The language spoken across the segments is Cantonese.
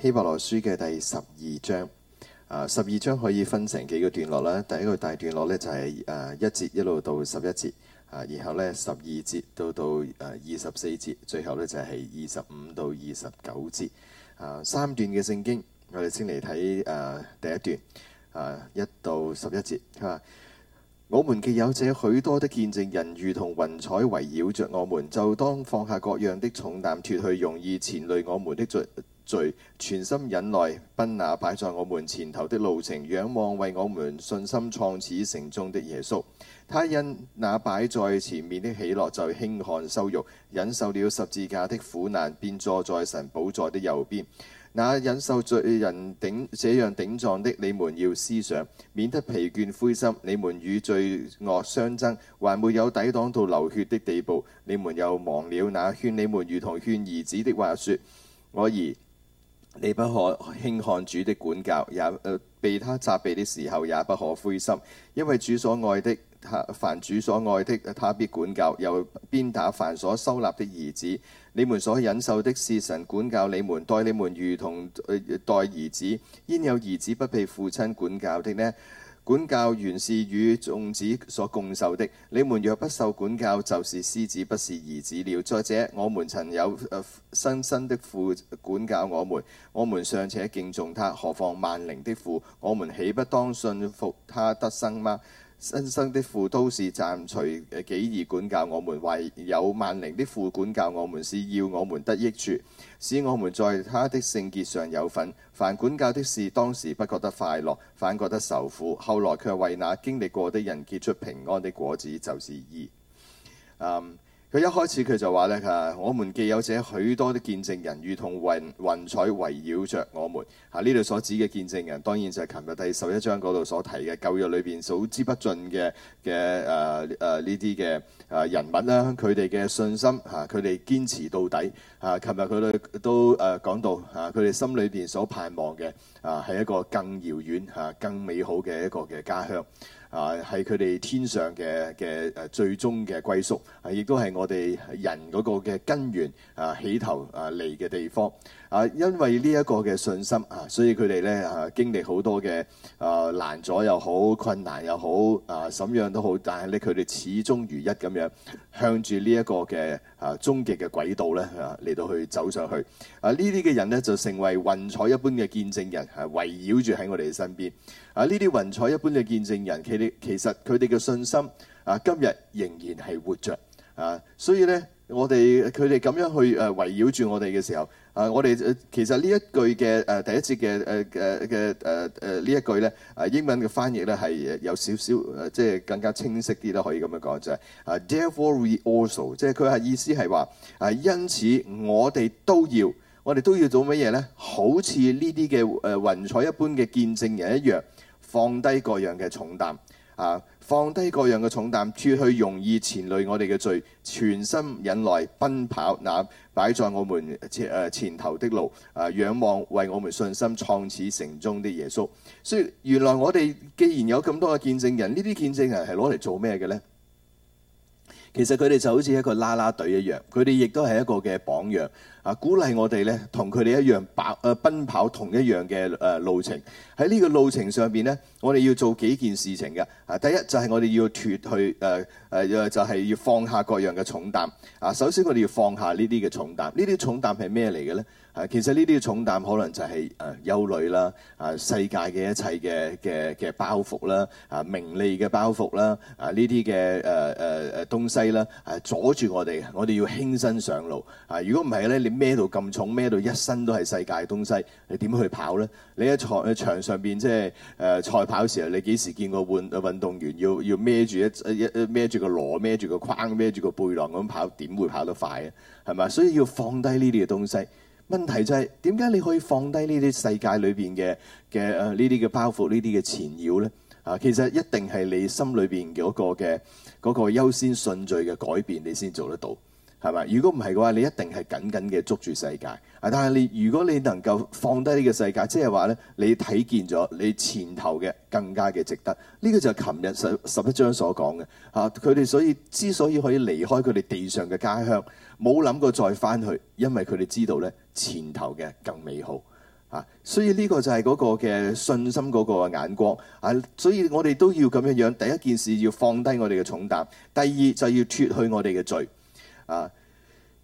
希伯來書嘅第十二章啊，十二章可以分成幾個段落啦。第一個大段落呢，就係誒一節一路到十一節啊，然後呢，十二節到到誒二十四節，最後呢，就係二十五到二十九節啊。三段嘅聖經我哋先嚟睇誒第一段啊，一到十一節。我們既有這，許多的見證人，如同雲彩圍繞着我們，就當放下各樣的重擔，脱去容易纏累我們的罪。全心忍耐，奔那擺在我們前頭的路程，仰望為我們信心創始成終的耶穌。他因那擺在前面的喜樂就輕看羞辱，忍受了十字架的苦難，便坐在神寶座的右邊。那忍受罪人頂這樣頂撞的，你們要思想，免得疲倦灰心。你們與罪惡相爭，還沒有抵擋到流血的地步，你們又忘了那勸你們如同勸兒子的話說：我兒……」你不可輕看主的管教，也被他責備的時候也不可灰心，因為主所愛的他，凡主所愛的他必管教，又鞭打凡所收納的兒子。你們所忍受的是神管教你們，待你們如同待兒子，焉有兒子不被父親管教的呢？管教原是與眾子所共受的，你們若不受管教，就是私子不是兒子了。再者，我們曾有生身的父管教我們，我們尚且敬重他，何況萬靈的父？我們豈不當信服他得生嗎？生身的父都是暫隨己意管教我們，惟有萬靈的父管教我們是要我們得益處，使我們在他的聖潔上有份。凡管教的事，當時不覺得快樂，反覺得愁苦；後來卻為那經歷過的人結出平安的果子，就是義。Um, 佢一開始佢就話咧，嚇，我們既有者許多的見證人，如同雲雲彩圍繞着我們嚇。呢、啊、度所指嘅見證人當然就係琴日第十一章嗰度所提嘅舊約裏邊數之不盡嘅嘅誒誒呢啲嘅誒人物啦，佢哋嘅信心嚇，佢、啊、哋堅持到底嚇，琴日佢哋都誒、啊、講到嚇，佢、啊、哋心裏邊所盼望嘅啊係一個更遙遠嚇、啊、更美好嘅一個嘅家鄉。啊，係佢哋天上嘅嘅誒最終嘅歸宿，係亦都係我哋人嗰個嘅根源啊起頭啊嚟嘅地方啊，因為呢一個嘅信心啊，所以佢哋咧啊經歷好多嘅啊難阻又好，困難又好啊，怎樣都好，但係咧佢哋始終如一咁樣向住、啊、呢一個嘅啊終極嘅軌道咧啊嚟到去走上去啊，這些呢啲嘅人咧就成為雲彩一般嘅見證人，係圍繞住喺我哋身邊。呢啲雲彩一般嘅見證人，佢哋其實佢哋嘅信心啊，今日仍然係活着啊！所以咧，我哋佢哋咁樣去誒圍繞住我哋嘅時候啊，我哋其實呢一句嘅誒、啊、第一節嘅誒誒嘅誒誒呢一句咧，誒、啊、英文嘅翻譯咧係有少少誒、啊，即係更加清晰啲啦，可以咁樣講就係、是、啊，therefore we also，即係佢係意思係話啊，因此我哋都要，我哋都要做乜嘢咧？好似呢啲嘅誒雲彩一般嘅見證人一樣。放低各樣嘅重擔啊！放低各樣嘅重擔，脫去容易纏累我哋嘅罪，全心忍耐奔跑。嗱、啊，擺在我們誒前、呃、前頭的路啊，仰望為我們信心創始成終的耶穌。所以原來我哋既然有咁多嘅見證人，呢啲見證人係攞嚟做咩嘅呢？其實佢哋就好似一個啦啦隊一樣，佢哋亦都係一個嘅榜樣。啊！鼓勵我哋咧，同佢哋一樣跑誒、呃、奔跑同一樣嘅誒、呃、路程。喺呢個路程上邊咧，我哋要做幾件事情嘅。啊，第一就係我哋要脫去誒誒、呃呃、就係、是、要放下各樣嘅重擔。啊，首先我哋要放下呢啲嘅重擔，呢啲重擔係咩嚟嘅咧？啊，其實呢啲嘅重擔可能就係誒憂慮啦，啊世界嘅一切嘅嘅嘅包袱啦，啊名利嘅包袱啦，啊呢啲嘅誒誒誒東西啦，係、啊、阻住我哋。我哋要輕身上路。啊，如果唔係咧，孭到咁重，孭到一身都係世界嘅東西，你點去跑呢？你喺賽喺場上邊，即係誒賽跑時候，你幾時見過換運動員要要孭住一一孭住個籮、孭住個框、孭住個背囊咁跑？點會跑得快啊？係咪？所以要放低呢啲嘅東西。問題就係點解你可以放低呢啲世界裏邊嘅嘅誒呢啲嘅包袱、呢啲嘅纏繞呢？啊，其實一定係你心裏邊嗰個嘅嗰個優先順序嘅改變，你先做得到。係咪？如果唔係嘅話，你一定係緊緊嘅捉住世界啊！但係你如果你能夠放低呢個世界，即係話呢，你睇見咗你前頭嘅更加嘅值得。呢、這個就係琴日十十一章所講嘅吓。佢哋所以之所以可以離開佢哋地上嘅家鄉，冇諗過再翻去，因為佢哋知道呢前頭嘅更美好啊。所以呢個就係嗰個嘅信心嗰個眼光啊。所以我哋都要咁樣樣，第一件事要放低我哋嘅重擔，第二就要脫去我哋嘅罪。啊，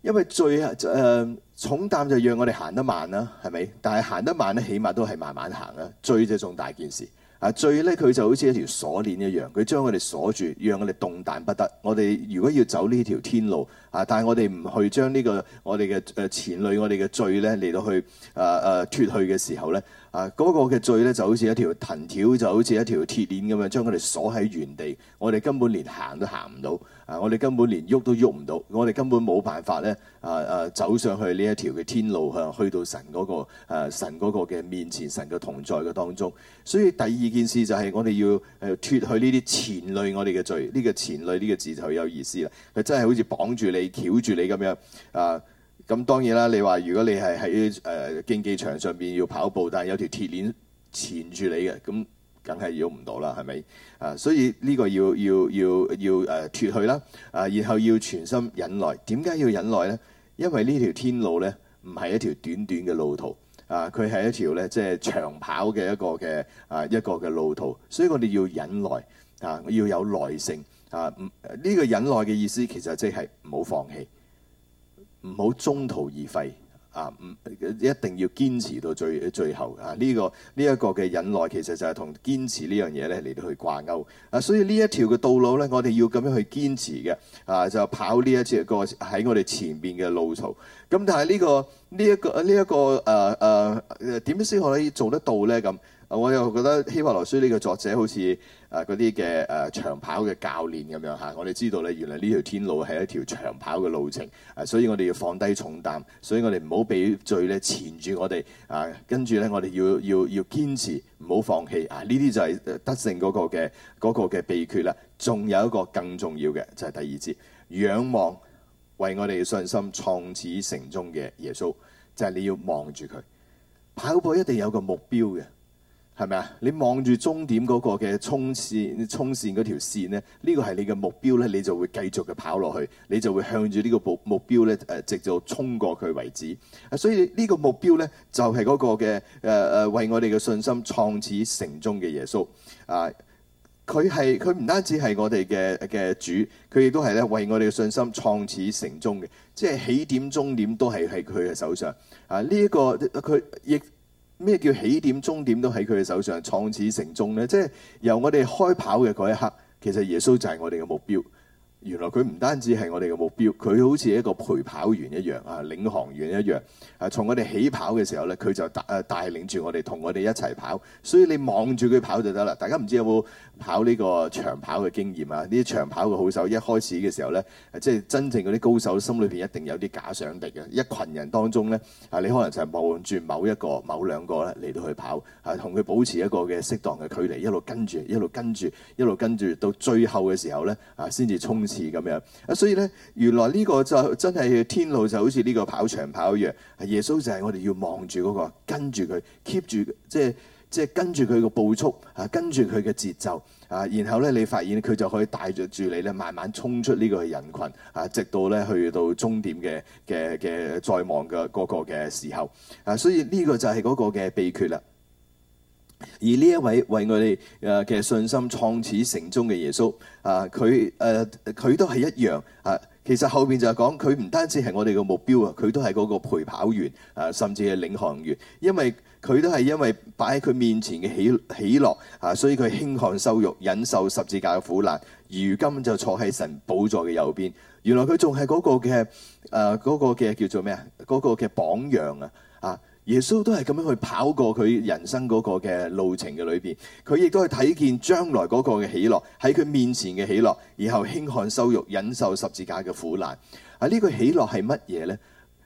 因為罪誒、呃、重擔就讓我哋行得慢啦，係咪？但係行得慢咧，起碼都係慢慢行啦。罪就仲大件事，啊罪咧佢就好似一條鎖鏈一樣，佢將我哋鎖住，讓我哋動彈不得。我哋如果要走呢條天路。啊、但係我哋唔去將呢個我哋嘅誒纏累我哋嘅罪咧嚟到去誒誒脱去嘅時候咧，啊、嗰個嘅罪咧就好似一條藤條，就好似一條鐵鏈咁樣將佢哋鎖喺原地，我哋根本連行都行唔到，啊我哋根本連喐都喐唔到，我哋根本冇辦法咧誒誒走上去呢一條嘅天路向去到神、嗰個誒、啊、神嗰個嘅面前，神嘅同在嘅當中。所以第二件事就係我哋要誒脱去呢啲纏累我哋嘅罪，呢個纏累呢個字就有意思啦，佢真係好似綁住你。挾住你咁樣啊，咁當然啦。你話如果你係喺誒競技場上面要跑步，但係有條鐵鏈纏住你嘅，咁梗係要唔到啦，係咪？啊，所以呢個要要要要誒脫去啦，啊，然後要全心忍耐。點解要忍耐呢？因為呢條天路呢，唔係一條短短嘅路途啊，佢係一條呢即係、就是、長跑嘅一個嘅啊一個嘅路途，所以我哋要忍耐啊，要有耐性。啊，唔、這、呢個忍耐嘅意思，其實即係唔好放棄，唔好中途而廢，啊，唔一定要堅持到最最後。啊，呢、這個呢一、這個嘅忍耐，其實就係同堅持這呢樣嘢咧嚟到去掛鈎。啊，所以呢一條嘅道路咧，我哋要咁樣去堅持嘅，啊，就跑呢一隻個喺我哋前面嘅路途。咁但係呢、這個呢一、這個呢一、這個誒誒點樣先可以做得到咧咁？我又覺得希伯來書呢個作者好似誒嗰啲嘅誒長跑嘅教練咁樣嚇。我哋知道咧，原來呢條天路係一條長跑嘅路程，所以我哋要放低重擔，所以我哋唔好俾罪咧纏住我哋啊。跟住咧，我哋要要要堅持，唔好放棄啊！呢啲就係得勝嗰個嘅嗰個嘅秘訣啦。仲有一個更重要嘅就係第二節，仰望為我哋信心創始成終嘅耶穌，就係你要望住佢跑步，一定有個目標嘅。係咪啊？你望住終點嗰個嘅衝線，衝線嗰條線咧，呢個係你嘅目標呢，你就會繼續嘅跑落去，你就會向住呢個目目標呢，誒，直到衝過佢為止。啊，所以呢個目標呢，就係嗰個嘅誒誒，為我哋嘅信心創始成終嘅耶穌啊。佢係佢唔單止係我哋嘅嘅主，佢亦都係咧為我哋嘅信心創始成終嘅，即係起點、終點都係喺佢嘅手上。啊，呢一個佢亦。咩叫起點終點都喺佢嘅手上，創始成終呢？即係由我哋開跑嘅嗰一刻，其實耶穌就係我哋嘅目標。原來佢唔單止係我哋嘅目標，佢好似一個陪跑員一樣啊，領航員一樣。誒，從我哋起跑嘅時候呢，佢就帶誒帶領住我哋，同我哋一齊跑。所以你望住佢跑就得啦。大家唔知有冇跑呢個長跑嘅經驗啊，呢啲長跑嘅好手一開始嘅時候呢，即係真正嗰啲高手心裏面一定有啲假想敵嘅，一群人當中呢，啊你可能就望住某一個、某兩個咧嚟到去跑，啊同佢保持一個嘅適當嘅距離，一路跟住，一路跟住，一路跟住到最後嘅時候呢，啊先至衝刺咁樣啊，所以呢，原來呢個就真係天路就好似呢個跑長跑一樣，耶穌就係我哋要望住嗰個，跟住佢 keep 住，即係。就是即係跟住佢個步速啊，跟住佢嘅節奏啊，然後咧你發現佢就可以帶住住你咧，慢慢衝出呢個人群啊，直到咧去到終點嘅嘅嘅在望嘅嗰個嘅時候啊，所以呢個就係嗰個嘅秘訣啦。而呢一位為我哋誒嘅信心創始成終嘅耶穌啊，佢誒佢都係一樣啊。其實後邊就係講佢唔單止係我哋嘅目標啊，佢都係嗰個陪跑員啊，甚至係領航員，因為。佢都係因為擺喺佢面前嘅喜樂啊，所以佢輕看羞辱，忍受十字架嘅苦難。如今就坐喺神寶座嘅右邊。原來佢仲係嗰個嘅誒嗰個嘅叫做咩啊？嗰、嗰個嘅榜樣啊！啊，耶穌都係咁樣去跑過佢人生嗰個嘅路程嘅裏邊。佢亦都係睇見將來嗰個嘅喜樂喺佢面前嘅喜樂，然後輕看羞辱，忍受十字架嘅苦難。啊，呢、呢個喜樂係乜嘢呢？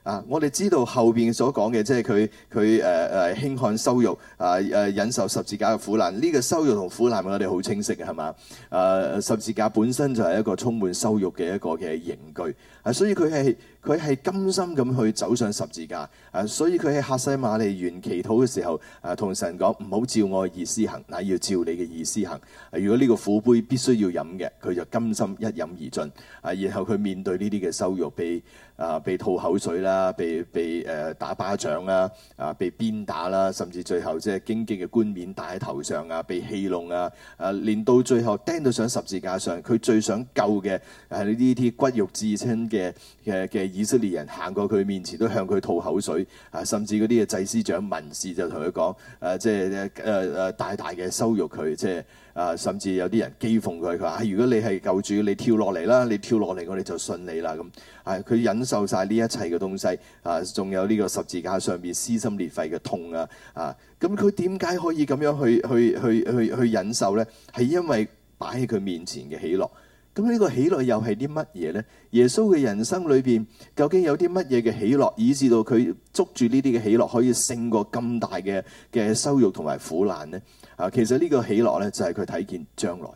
啊！我哋知道後邊所講嘅，即係佢佢誒誒輕看羞辱啊誒、呃、忍受十字架嘅苦難，呢、這個羞辱同苦難我哋好清晰嘅係嘛？誒、呃、十字架本身就係一個充滿羞辱嘅一個嘅刑具，啊，所以佢係。佢係甘心咁去走上十字架，啊！所以佢喺客西馬尼園祈禱嘅時候，啊，同神講唔好照我嘅意思行，乃、啊、要照你嘅意思行。啊、如果呢個苦杯必須要飲嘅，佢就甘心一飲而盡。啊！然後佢面對呢啲嘅羞辱，被啊被吐口水啦，被被誒、呃、打巴掌啦，啊被鞭打啦，甚至最後即係荊棘嘅冠冕戴喺頭上啊，被戲弄啊，啊，連到最後釘到上十字架上，佢最想救嘅係呢啲骨肉至親嘅嘅嘅。以色列人行過佢面前都向佢吐口水，啊，甚至嗰啲嘅祭司長文、文士就同佢講，誒，即係誒誒大大嘅羞辱佢，即係啊、呃，甚至有啲人譏諷佢，佢話、啊：如果你係救主，你跳落嚟啦，你跳落嚟，我哋就信你啦。咁，啊，佢忍受晒呢一切嘅東西，啊，仲有呢個十字架上邊撕心裂肺嘅痛啊，啊，咁佢點解可以咁樣去去去去去忍受呢？係因為擺喺佢面前嘅喜樂。咁呢個喜樂又係啲乜嘢呢？耶穌嘅人生裏面究竟有啲乜嘢嘅喜樂，以致到佢捉住呢啲嘅喜樂，可以勝過咁大嘅嘅羞辱同埋苦難呢？啊，其實呢個喜樂呢，就係佢睇見將來，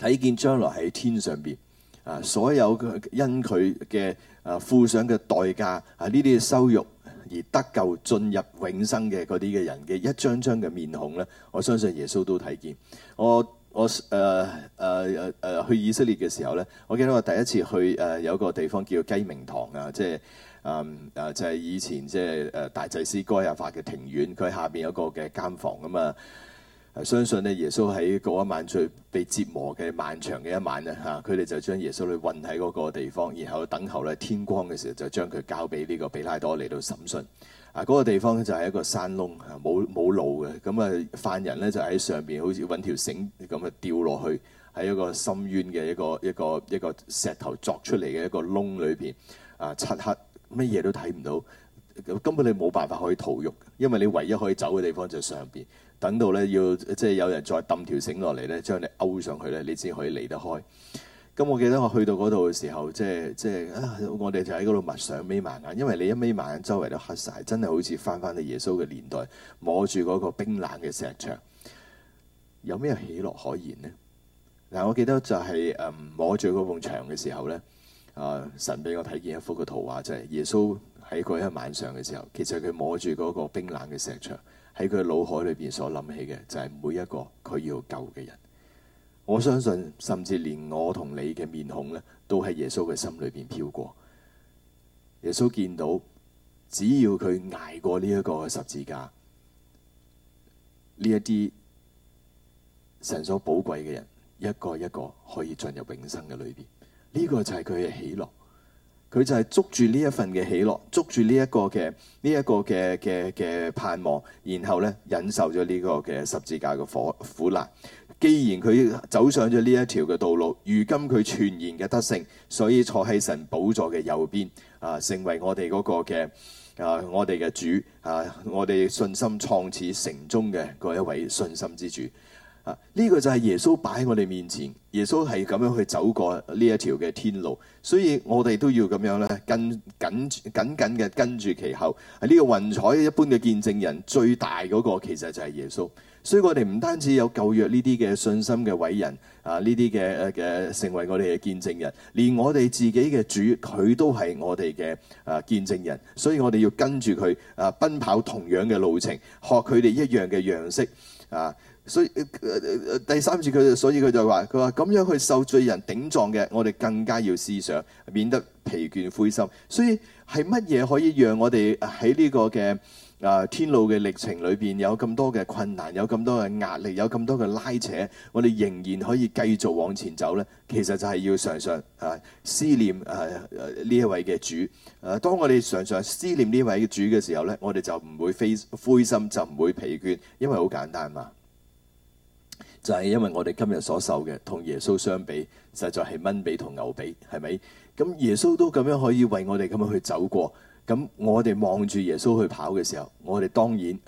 睇見將來喺天上邊啊，所有因佢嘅啊付上嘅代價啊呢啲嘅羞辱而得救進入永生嘅嗰啲嘅人嘅一張張嘅面孔呢。我相信耶穌都睇見我。我誒誒誒誒去以色列嘅時候咧，我記得我第一次去誒、呃、有一個地方叫雞鳴堂啊，即係誒誒就係以前即係誒大祭司該亞法嘅庭院，佢下邊有個嘅監房、嗯、啊嘛。相信呢，耶穌喺嗰一晚最被折磨嘅漫長嘅一晚咧嚇，佢、啊、哋就將耶穌咧運喺嗰個地方，然後等候咧天光嘅時候就將佢交俾呢個比拉多嚟到審訊。嗰、啊嗰個地方咧就係一個山窿，冇、啊、冇路嘅。咁啊，犯人咧就喺上面，好似搵條繩咁啊掉落去，喺一個深淵嘅一個一個一個一個石頭鑿出嚟嘅一個窿裏面。啊，漆黑，乜嘢都睇唔到，咁根本你冇辦法可以逃獄，因為你唯一可以走嘅地方就係上面。等到咧要即係有人再揼條繩落嚟咧，將你勾上去咧，你先可以離得開。咁我記得我去到嗰度嘅時候，即係即係啊！我哋就喺嗰度抹上眯埋眼，因為你一眯埋眼，周圍都黑晒，真係好似翻返去耶穌嘅年代，摸住嗰個冰冷嘅石牆，有咩喜樂可言咧？嗱，我記得就係、是、誒摸住嗰埲牆嘅時候咧，誒、啊、神俾我睇見一幅嘅圖畫，就係、是、耶穌喺佢一晚上嘅時候，其實佢摸住嗰個冰冷嘅石牆，喺佢腦海裏邊所諗起嘅就係、是、每一個佢要救嘅人。我相信，甚至連我同你嘅面孔咧，都喺耶穌嘅心裏邊飄過。耶穌見到，只要佢捱過呢一個十字架，呢一啲神所寶貴嘅人，一個一個可以進入永生嘅裏邊。呢、這個就係佢嘅喜樂。佢就係捉住呢一份嘅喜樂，捉住呢一個嘅呢一個嘅嘅嘅盼望，然後咧忍受咗呢個嘅十字架嘅苦苦難。既然佢走上咗呢一條嘅道路，如今佢全然嘅得勝，所以坐喺神寶座嘅右邊，啊，成為我哋嗰個嘅啊，我哋嘅主啊，我哋信心創始成終嘅嗰一位信心之主。啊，呢個就係耶穌擺喺我哋面前，耶穌係咁樣去走過呢一條嘅天路，所以我哋都要咁樣咧跟緊緊緊嘅跟住其後。呢個雲彩一般嘅見證人最大嗰個，其實就係耶穌。所以我哋唔單止有舊約呢啲嘅信心嘅偉人啊，呢啲嘅嘅成為我哋嘅見證人，連我哋自己嘅主佢都係我哋嘅啊見證人。所以我哋要跟住佢啊，奔跑同樣嘅路程，學佢哋一樣嘅樣式啊。所以、呃、第三次佢，所以佢就話：他說「佢話咁樣去受罪人頂撞嘅，我哋更加要思想，免得疲倦灰心。所以係乜嘢可以讓我哋喺呢個嘅、啊、天路嘅歷程裏面，有咁多嘅困難，有咁多嘅壓力，有咁多嘅拉扯，我哋仍然可以繼續往前走呢？其實就係要常常、啊、思念啊呢一、啊、位嘅主啊。當我哋常常思念呢位嘅主嘅時候呢，我哋就唔會灰心，就唔會疲倦，因為好簡單嘛。就係因為我哋今日所受嘅同耶穌相比，實在係蚊比同牛比，係咪？咁耶穌都咁樣可以為我哋咁樣去走過，咁我哋望住耶穌去跑嘅時候，我哋當然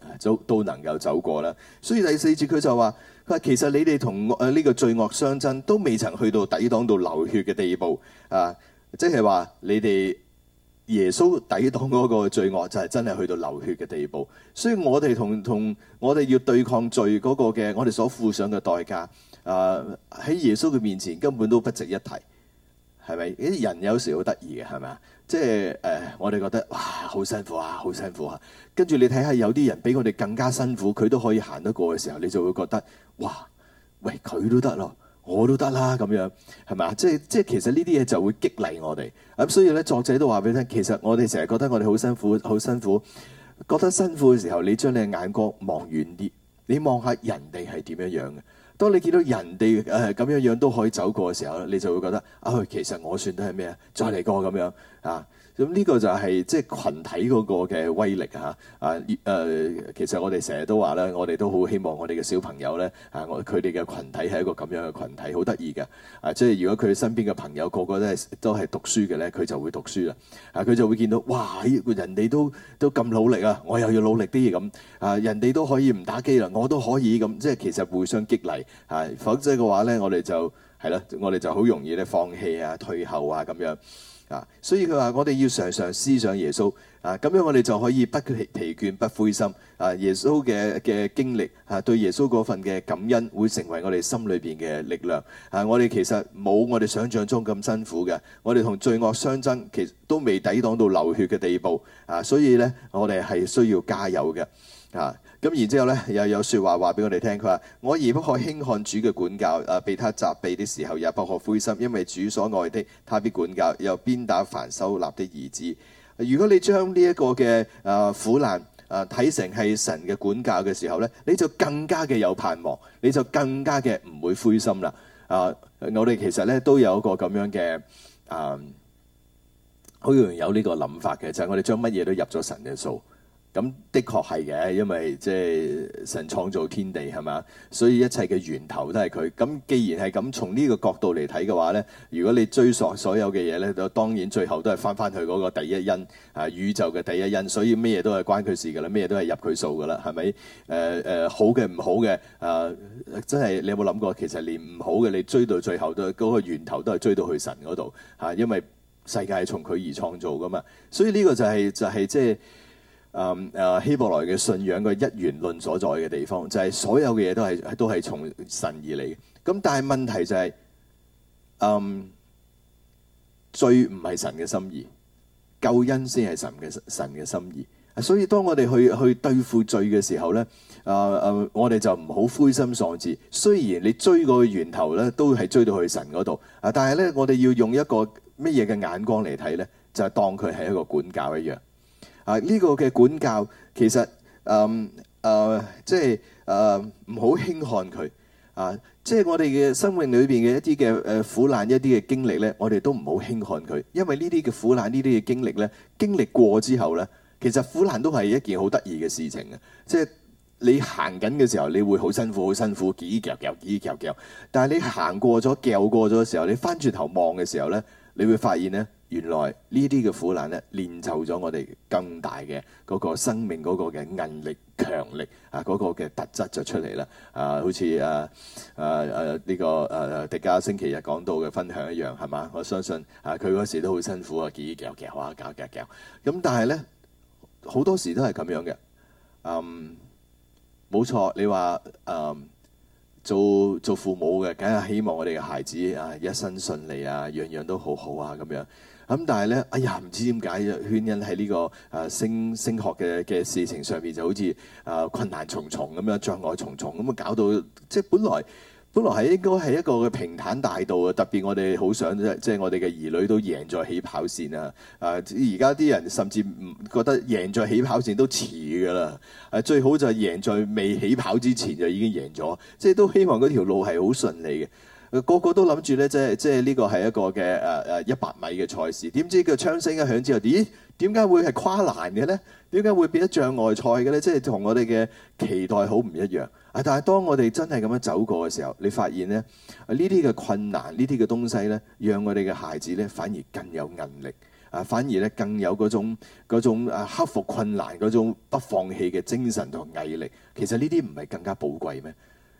都能夠走過啦。所以第四節佢就話：佢話其實你哋同誒呢個罪惡相爭都未曾去到抵擋到流血嘅地步啊！即係話你哋。耶穌抵擋嗰個罪惡，就係真係去到流血嘅地步。所以我哋同同我哋要對抗罪嗰個嘅，我哋所付上嘅代價，誒、呃、喺耶穌嘅面前根本都不值一提，係咪？啲人有時好得意嘅，係咪啊？即係誒，我哋覺得哇，好辛苦啊，好辛苦啊。跟住你睇下有啲人比我哋更加辛苦，佢都可以行得過嘅時候，你就會覺得哇，喂，佢都得咯。我都得啦，咁樣係咪？即係即係其實呢啲嘢就會激勵我哋。咁、嗯、所以咧，作者都話俾你聽，其實我哋成日覺得我哋好辛苦，好辛苦，覺得辛苦嘅時候，你將你嘅眼光望遠啲，你望下人哋係點樣樣嘅。當你見到人哋誒咁樣樣都可以走過嘅時候，你就會覺得啊、呃，其實我算得係咩啊？再嚟過咁樣啊！咁呢個就係即係群體嗰個嘅威力吓啊、呃！其實我哋成日都話咧，我哋都好希望我哋嘅小朋友咧啊，佢哋嘅群體係一個咁樣嘅群體，好得意嘅啊！即係如果佢身邊嘅朋友個個都係都係讀書嘅咧，佢就會讀書啦啊！佢就會見到哇！人哋都都咁努力啊，我又要努力啲咁啊！人哋都可以唔打機啦，我都可以咁，即係其實互相激勵啊！否則嘅話咧，我哋就係啦，我哋就好容易咧放棄啊、退後啊咁樣。啊！所以佢話：我哋要常常思想耶穌啊，咁樣我哋就可以不疲倦、不灰心啊。耶穌嘅嘅經歷啊，對耶穌嗰份嘅感恩會成為我哋心裏面嘅力量啊！我哋其實冇我哋想像中咁辛苦嘅，我哋同罪惡相爭，其實都未抵擋到流血嘅地步啊！所以咧，我哋係需要加油嘅啊！咁然之後咧，又有說話話俾我哋聽，佢話：我兒不可輕看主嘅管教，呃、被他責備的時候也不可灰心，因為主所愛的，他必管教，又鞭打凡收納的兒子。如果你將呢一個嘅、呃、苦難睇、呃、成係神嘅管教嘅時候咧，你就更加嘅有盼望，你就更加嘅唔會灰心啦。啊、呃，我哋其實咧都有一個咁樣嘅啊，好容易有呢個諗法嘅，就係、是、我哋將乜嘢都入咗神嘅數。咁的確係嘅，因為即係神創造天地係嘛，所以一切嘅源頭都係佢。咁既然係咁，從呢個角度嚟睇嘅話咧，如果你追溯所有嘅嘢咧，當然最後都係返返去嗰個第一因啊，宇宙嘅第一因。所以咩嘢都係關佢事㗎啦，咩嘢都係入佢數㗎啦，係咪？誒、呃、誒、呃，好嘅唔好嘅啊，真係你有冇諗過？其實連唔好嘅你追到最後都嗰、那個源頭都係追到去神嗰度嚇，因為世界係從佢而創造㗎嘛。所以呢個就係、是、就係即係。誒誒希伯來嘅信仰嘅一元論所在嘅地方，就係、是、所有嘅嘢都係都係從神而嚟嘅。咁但係問題就係、是，誒罪唔係神嘅心意，救恩先係神嘅神嘅心意。所以當我哋去去對付罪嘅時候咧，誒、呃、誒我哋就唔好灰心喪志。雖然你追嗰個源頭咧，都係追到去神嗰度啊，但係咧我哋要用一個乜嘢嘅眼光嚟睇咧，就係當佢係一個管教一樣。啊！呢、這個嘅管教其實，嗯、呃，誒、呃，即係誒，唔好輕看佢。啊，即係我哋嘅生命裏邊嘅一啲嘅誒苦難，一啲嘅經歷咧，我哋都唔好輕看佢。因為呢啲嘅苦難，呢啲嘅經歷咧，經歷過之後咧，其實苦難都係一件好得意嘅事情啊！即係你行緊嘅時候，你會好辛苦，好辛苦，幾腳腳，幾腳腳。但係你行過咗，叫過咗嘅時候，你翻轉頭望嘅時候咧，你會發現咧。原來呢啲嘅苦難咧，練就咗我哋更大嘅嗰、那個生命嗰個嘅韌力、強力啊，嗰、那個嘅特質就出嚟啦。啊，好似啊啊、這個、啊呢個啊迪嘉星期日講到嘅分享一樣，係嘛？我相信啊，佢嗰時都好辛苦啊，幾夾夾啊，夾夾夾。咁但係呢，好多時都係咁樣嘅。嗯，冇、嗯、錯，你話嗯做做父母嘅，梗係希望我哋嘅孩子啊，一生順利啊，樣樣都好好啊，咁樣。咁但係咧，哎呀唔知點解，就牽引喺呢個誒升升學嘅嘅事情上面，就好似誒、呃、困難重重咁樣，障礙重重咁啊，搞到即係本來本來係應該係一個嘅平坦大道啊！特別我哋好想即係我哋嘅兒女都贏在起跑線啊！而家啲人甚至唔覺得贏在起跑線都遲㗎啦，誒最好就係贏在未起跑之前就已經贏咗，即係都希望嗰條路係好順利嘅。個個都諗住咧，即係即係呢個係一個嘅誒誒一百米嘅賽事，點知個槍聲一響之後，咦？點解會係跨欄嘅咧？點解會變咗障礙賽嘅咧？即係同我哋嘅期待好唔一樣。啊！但係當我哋真係咁樣走過嘅時候，你發現咧，呢啲嘅困難，呢啲嘅東西咧，讓我哋嘅孩子咧，反而更有韌力啊！反而咧更有嗰種嗰種啊克服困難嗰種不放棄嘅精神同毅力。其實呢啲唔係更加寶貴咩？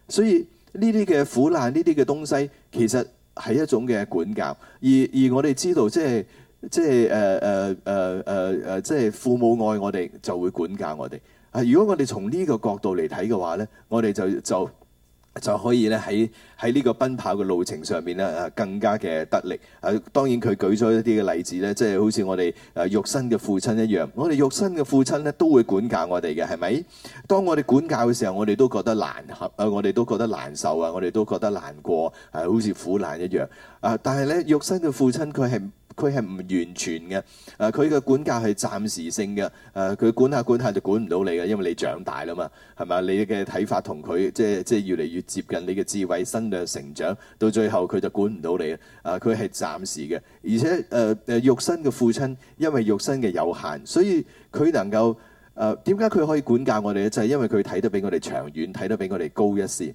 所以。呢啲嘅苦難，呢啲嘅東西，其實係一種嘅管教。而而我哋知道，即係即係誒誒誒誒誒，即係、啊啊啊、父母愛我哋，就會管教我哋。啊，如果我哋從呢個角度嚟睇嘅話咧，我哋就就，就就可以咧喺喺呢個奔跑嘅路程上面咧，更加嘅得力。誒，當然佢舉咗一啲嘅例子咧，即係好似我哋誒肉身嘅父親一樣。我哋肉身嘅父親咧都會管教我哋嘅，係咪？當我哋管教嘅時候，我哋都覺得難合，我哋都覺得難受啊，我哋都覺得難過，係好似苦難一樣。啊，但係咧，肉身嘅父親佢係。佢係唔完全嘅，誒佢嘅管教係暫時性嘅，誒、啊、佢管下管下就管唔到你嘅，因為你長大啦嘛，係咪啊？你嘅睇法同佢即係即係越嚟越接近你嘅智慧新嘅成長，到最後佢就管唔到你啦。佢、啊、係暫時嘅，而且誒誒、呃、肉身嘅父親因為肉身嘅有限，所以佢能夠誒點解佢可以管教我哋咧？就係、是、因為佢睇得比我哋長遠，睇得比我哋高一線。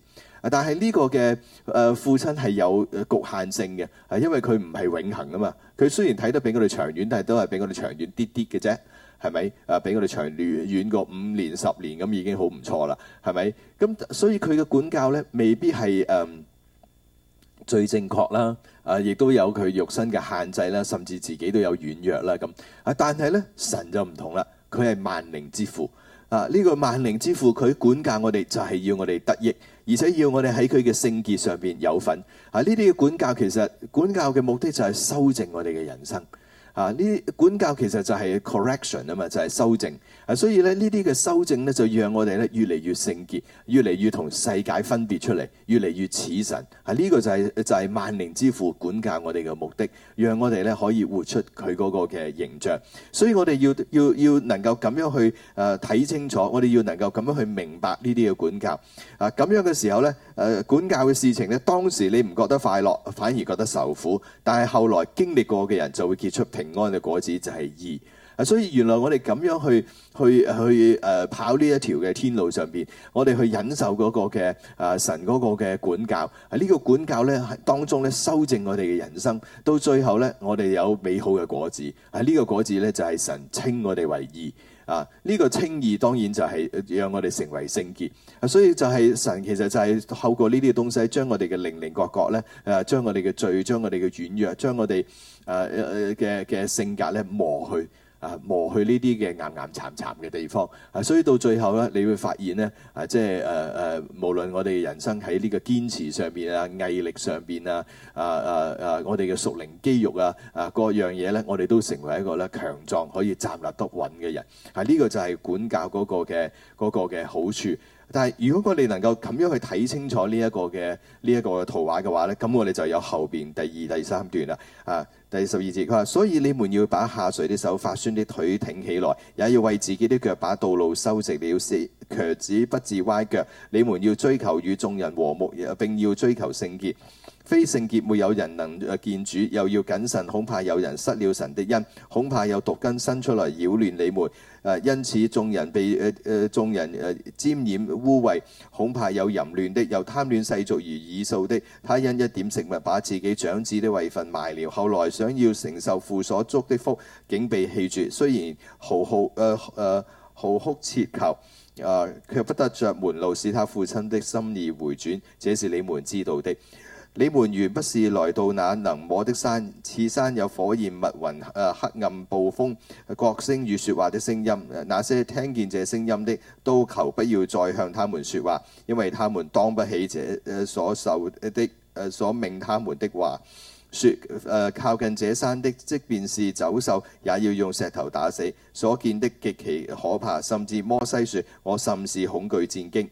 但係呢個嘅誒父親係有局限性嘅，係因為佢唔係永恆啊嘛。佢雖然睇得比我哋長遠，但係都係比我哋長遠啲啲嘅啫，係咪？誒，比我哋長遠遠，遠過五年、十年咁已經好唔錯啦，係咪？咁所以佢嘅管教呢，未必係誒、嗯、最正確啦。啊，亦都有佢肉身嘅限制啦，甚至自己都有軟弱啦。咁啊，但係呢，神就唔同啦，佢係萬靈之父啊。呢個萬靈之父，佢、啊這個、管教我哋就係要我哋得益。而且要我哋喺佢嘅聖潔上邊有份啊！呢啲嘅管教其實，管教嘅目的就係修正我哋嘅人生啊！呢啲管教其實就係 correction 啊嘛，就係修正。啊，所以咧，呢啲嘅修正呢，就讓我哋呢越嚟越聖潔，越嚟越同世界分別出嚟，越嚟越似神。啊，呢個就係就係萬靈之父管教我哋嘅目的，讓我哋呢可以活出佢嗰個嘅形象。所以我哋要要要能夠咁樣去誒睇清楚，我哋要能夠咁樣去明白呢啲嘅管教。啊，咁樣嘅時候呢，誒管教嘅事情呢，當時你唔覺得快樂，反而覺得受苦，但係後來經歷過嘅人就會結出平安嘅果子，就係二。啊！所以原來我哋咁樣去去去誒、啊、跑呢一條嘅天路上邊，我哋去忍受嗰個嘅誒、啊、神嗰個嘅管教。喺、啊、呢、這個管教咧，係當中咧修正我哋嘅人生。到最後咧，我哋有美好嘅果子。喺、啊、呢、這個果子咧，就係、是、神稱我哋為義。啊，呢、這個稱義當然就係讓我哋成為聖潔。啊，所以就係神其實就係透過呢啲東西，將我哋嘅零零角角咧誒，將、啊、我哋嘅罪，將我哋嘅軟弱，將我哋誒嘅嘅性格咧磨去。啊，磨去呢啲嘅岩岩巉巉嘅地方啊，所以到最後咧，你會發現咧啊，即係誒誒，無論我哋人生喺呢個堅持上邊啊、毅力上邊啊、啊啊啊，我哋嘅熟練肌肉啊啊，各樣嘢咧，我哋都成為一個咧強壯可以站立得穩嘅人。係、啊、呢個就係管教嗰個嘅嗰個嘅好處。但係，如果我哋能夠咁樣去睇清楚呢一個嘅呢一個嘅圖畫嘅話咧，咁我哋就有後邊第二、第三段啦。啊，第十二節，佢話：所以你們要把下垂的手、發酸的腿挺起來，也要為自己的腳把道路修直了，使瘸子不至歪腳。你們要追求與眾人和睦，並要追求聖潔。非聖潔沒有人能見主，又要謹慎，恐怕有人失了神的恩，恐怕有毒根生出來擾亂你們。呃、因此眾人被、呃、眾人沾染污穢，恐怕有淫亂的，有貪戀世俗而以掃的，他因一點食物把自己長子的位份賣了，後來想要承受父所祝的福，竟被棄絕。雖然嚎、呃、哭誒誒嚎哭切求，誒、呃、卻不得著門路使他父親的心意回轉。這是你們知道的。你們原不是來到那能摸的山，此山有火焰、密雲、黑暗、暴風、角聲與説話的聲音。那些聽見這聲音的，都求不要再向他們說話，因為他們當不起這呃所受的呃所命他們的話。説、呃、靠近這山的，即便是走獸，也要用石頭打死。所見的極其可怕，甚至摩西説：我甚是恐懼戰驚。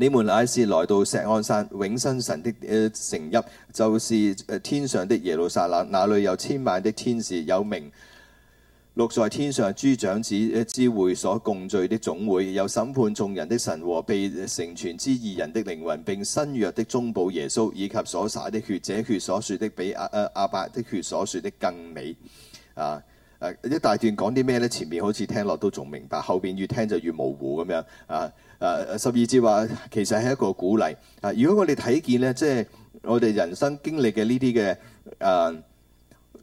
你們乃是來到錫安山，永生神的誒城邑，就是誒天上的耶路撒冷，那裏有千萬的天使，有名錄在天上諸長子之會所共聚的總會，有審判眾人的神和被成全之義人的靈魂，並新約的中保耶穌，以及所灑的血，這血所説的比亞誒亞伯的血所説的更美。啊誒，一大段講啲咩呢？前面好似聽落都仲明白，後邊越聽就越模糊咁樣啊。呃，十二節話其實係一個鼓勵，uh，如果我哋睇見呢，即、就、係、是、我哋人生經歷嘅呢啲嘅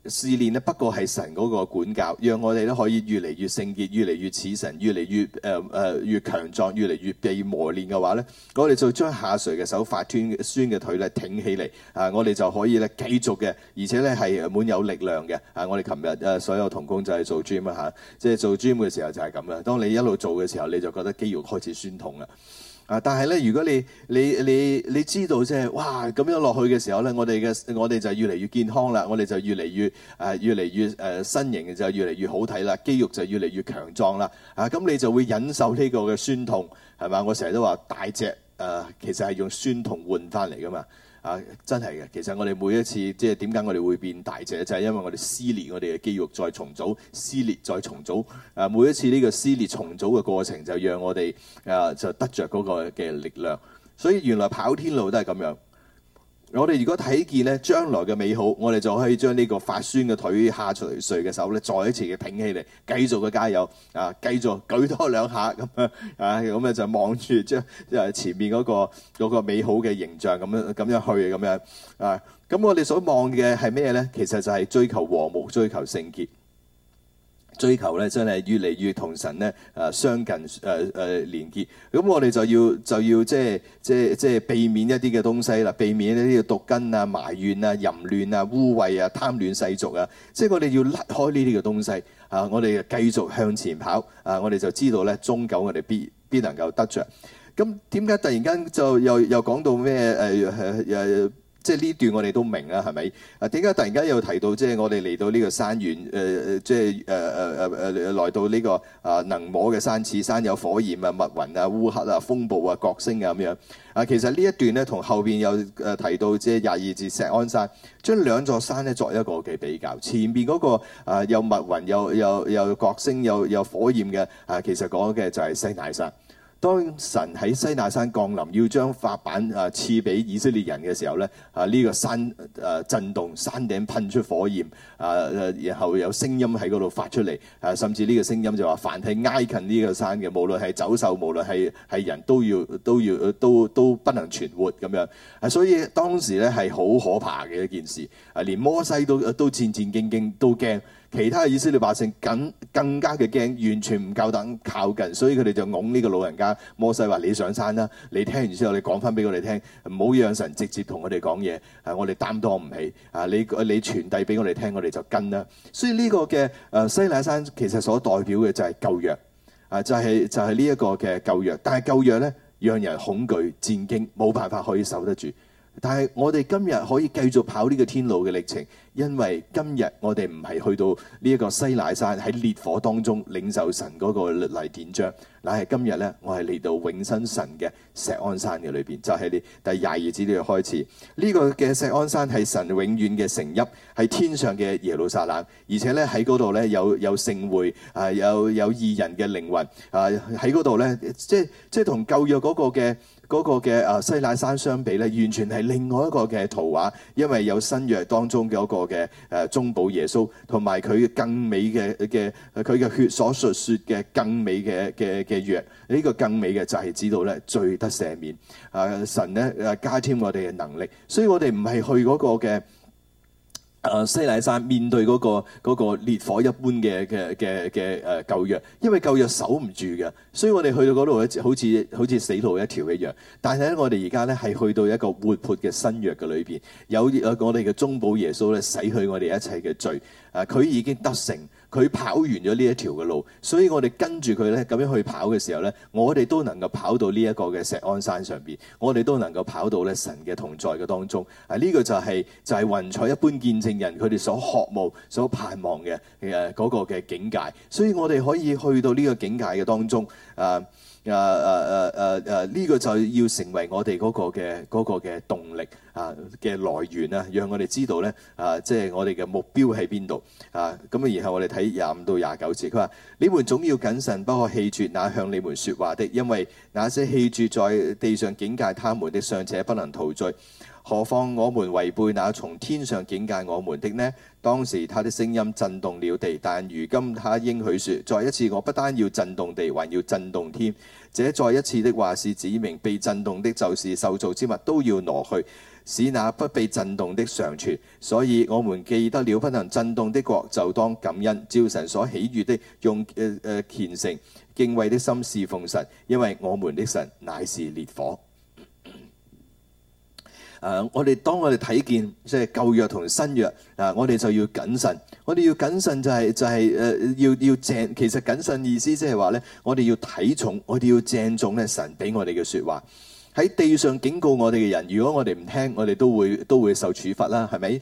試煉咧，不過係神嗰個管教，讓我哋咧可以越嚟越聖潔，越嚟越似神，越嚟越誒誒、呃、越強壯，越嚟越被磨練嘅話咧，我哋就將下垂嘅手發酸嘅腿咧挺起嚟。啊我哋就可以咧繼續嘅，而且咧係滿有力量嘅。啊，我哋琴日誒所有同工就係做 gym 啊嚇，即係做 gym 嘅時候就係咁啦。當你一路做嘅時候，你就覺得肌肉開始酸痛啦。啊！但係咧，如果你你你你知道即係哇咁樣落去嘅時候咧，我哋嘅我哋就越嚟越健康啦，我哋就越嚟越、呃、越嚟越誒、呃、身形就越嚟越好睇啦，肌肉就越嚟越強壯啦。啊！咁你就會忍受呢個嘅酸痛係嘛？我成日都話大隻誒、呃，其實係用酸痛換翻嚟㗎嘛。啊！真係嘅，其實我哋每一次即係點解我哋會變大隻？就係因為我哋撕裂我哋嘅肌肉，再重組，撕裂再重組。啊，每一次呢個撕裂重組嘅過程，就讓我哋啊就得着嗰個嘅力量。所以原來跑天路都係咁樣。我哋如果睇見咧將來嘅美好，我哋就可以將呢個發酸嘅腿下垂垂嘅手咧，再一次嘅挺起嚟，繼續嘅加油啊！繼續舉多兩下咁樣，啊咁咧就望住將前面嗰個嗰個美好嘅形象咁樣咁樣去咁樣啊！咁我哋所望嘅係咩咧？其實就係追求和睦，追求聖潔。追求咧，真係越嚟越同神咧誒、啊、相近誒誒、啊啊、連結。咁我哋就要就要即係即係即係避免一啲嘅東西啦，避免呢啲嘅毒根啊、埋怨啊、淫亂啊、污穢啊、貪戀世俗啊。即係我哋要甩開呢啲嘅東西啊，我哋繼續向前跑啊，我哋就知道咧終久我哋必必能夠得著。咁點解突然間就又又講到咩誒誒誒？啊啊啊即係呢段我哋都明啦，係咪？啊點解突然間又提到即係我哋嚟到呢個山原？誒、呃、誒，即係誒誒誒誒來到呢、這個啊、呃、能摸嘅山，此山有火焰啊、密雲啊、烏黑啊、風暴啊、角聲啊咁樣。啊，其實呢一段咧，同後邊又誒提到即係廿二節錫安山，將兩座山咧作一個嘅比較。前邊嗰、那個、呃、有密雲、有有有角聲、有有火焰嘅啊，其實講嘅就係西奈山。當神喺西奈山降臨，要將法版啊賜俾以色列人嘅時候咧，啊呢個山啊震動，山頂噴出火焰啊，然後有聲音喺嗰度發出嚟啊，甚至呢個聲音就話：凡係挨近呢個山嘅，無論係走獸，無論係係人都要都要都都不能存活咁樣啊。所以當時咧係好可怕嘅一件事啊，連摩西都都戰戰兢兢，都驚。其他嘅以色列百姓更更加嘅驚，完全唔夠膽靠近，所以佢哋就擁呢個老人家。摩西話：你上山啦！你聽完之後，你講翻俾我哋聽，唔好讓神直接同我哋講嘢，啊，我哋擔當唔起。啊，你你傳遞俾我哋聽，我哋就跟啦。所以呢個嘅誒西奈山其實所代表嘅就係舊約，啊，就係、是、就係呢一個嘅舊約。但係舊約咧，讓人恐懼戰兢，冇辦法可以守得住。但係我哋今日可以繼續跑呢個天路嘅歷程，因為今日我哋唔係去到呢一個西乃山喺烈火當中領受神嗰個嚟典章，乃係今日咧我係嚟到永生神嘅錫安山嘅裏邊，就喺、是、你第廿二節呢度開始。呢、這個嘅錫安山係神永遠嘅城邑，係天上嘅耶路撒冷，而且咧喺嗰度咧有有聖會啊，有有義人嘅靈魂啊喺嗰度咧，即即同舊約嗰個嘅。嗰個嘅誒西奈山相比咧，完全係另外一個嘅圖畫，因為有新約當中嘅一個嘅誒、啊、中保耶穌，同埋佢嘅更美嘅嘅佢嘅血所述説嘅更美嘅嘅嘅約，呢、這個更美嘅就係知道咧，罪得赦免，啊神咧誒加添我哋嘅能力，所以我哋唔係去嗰個嘅。誒西乃山面對嗰個嗰個烈火一般嘅嘅嘅嘅誒舊約，因為舊約守唔住嘅，所以我哋去到嗰度好似好似好似死路一條一樣。但係咧，我哋而家咧係去到一個活潑嘅新約嘅裏邊，有我哋嘅中保耶穌咧洗去我哋一切嘅罪，誒佢已經得勝。佢跑完咗呢一條嘅路，所以我哋跟住佢呢咁樣去跑嘅時候呢，我哋都能夠跑到呢一個嘅錫安山上邊，我哋都能夠跑到呢神嘅同在嘅當中。啊，呢、這個就係、是、就係、是、雲彩一般見證人佢哋所渴望、所盼望嘅嘅嗰個嘅境界。所以我哋可以去到呢個境界嘅當中，誒、啊。啊啊啊啊啊！呢個就要成為我哋嗰個嘅嗰個嘅動力啊嘅來源啦，讓我哋知道咧啊，即係我哋嘅目標喺邊度啊！咁啊，然後我哋睇廿五到廿九節，佢話：你們總要謹慎，不可棄絕那向你們説話的，因為那些棄絕在地上警戒他們的，尚且不能逃罪。何況我們違背那從天上警戒我們的呢？當時他的聲音震動了地，但如今他應許說：再一次，我不單要震動地，還要震動天。這再一次的話是指明，被震動的就是受造之物都要挪去，使那不被震動的常存。所以我們記得了不能震動的國，就當感恩，照神所喜悅的，用虔誠、呃、敬畏的心侍奉神，因為我們的神乃是烈火。誒，我哋當我哋睇見即係舊約同新約，嗱，我哋就要謹慎，我哋要謹慎就係、是、就係、是、誒，要要正。其實謹慎意思即係話咧，我哋要睇重，我哋要正重咧神俾我哋嘅說話。喺地上警告我哋嘅人，如果我哋唔聽，我哋都會都會受處罰啦，係咪？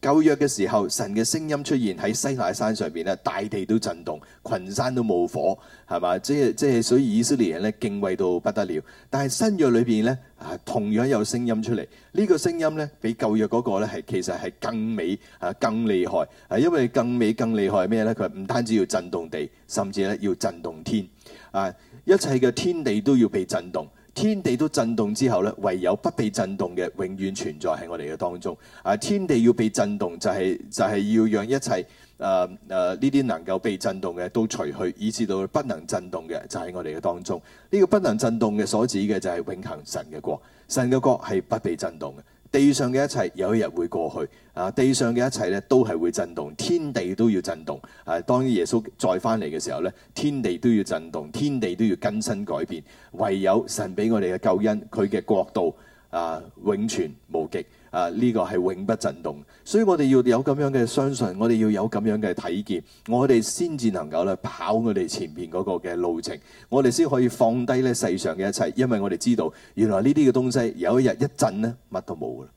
舊約嘅時候，神嘅聲音出現喺西奈山上邊咧，大地都震動，群山都冒火，係嘛？即係即係，就是，所以以色列人咧敬畏到不得了。但係新約裏邊咧，啊同樣有聲音出嚟，呢、這個聲音咧比舊約嗰個咧係其實係更美啊，更厲害啊，因為更美更厲害係咩咧？佢唔單止要震動地，甚至咧要震動天啊，一切嘅天地都要被震動。天地都震動之後呢，唯有不被震動嘅永遠存在喺我哋嘅當中。啊，天地要被震動、就係，就係、係、就要讓一切呢啲、呃呃、能夠被震動嘅都除去，以至到不能震動嘅就喺我哋嘅當中。呢、這個不能震動嘅所指嘅就係永恆神嘅國，神嘅國係不被震動嘅。地上嘅一切有一日會過去啊！地上嘅一切咧都係會震動，天地都要震動。啊！當耶穌再返嚟嘅時候咧，天地都要震動，天地都要更新改變，唯有神畀我哋嘅救恩，佢嘅國度啊永存無極。啊！呢、這個係永不震動，所以我哋要有咁樣嘅相信，我哋要有咁樣嘅睇見，我哋先至能夠咧跑我哋前面嗰個嘅路程，我哋先可以放低呢世上嘅一切，因為我哋知道原來呢啲嘅東西有一日一震咧，乜都冇噶啦。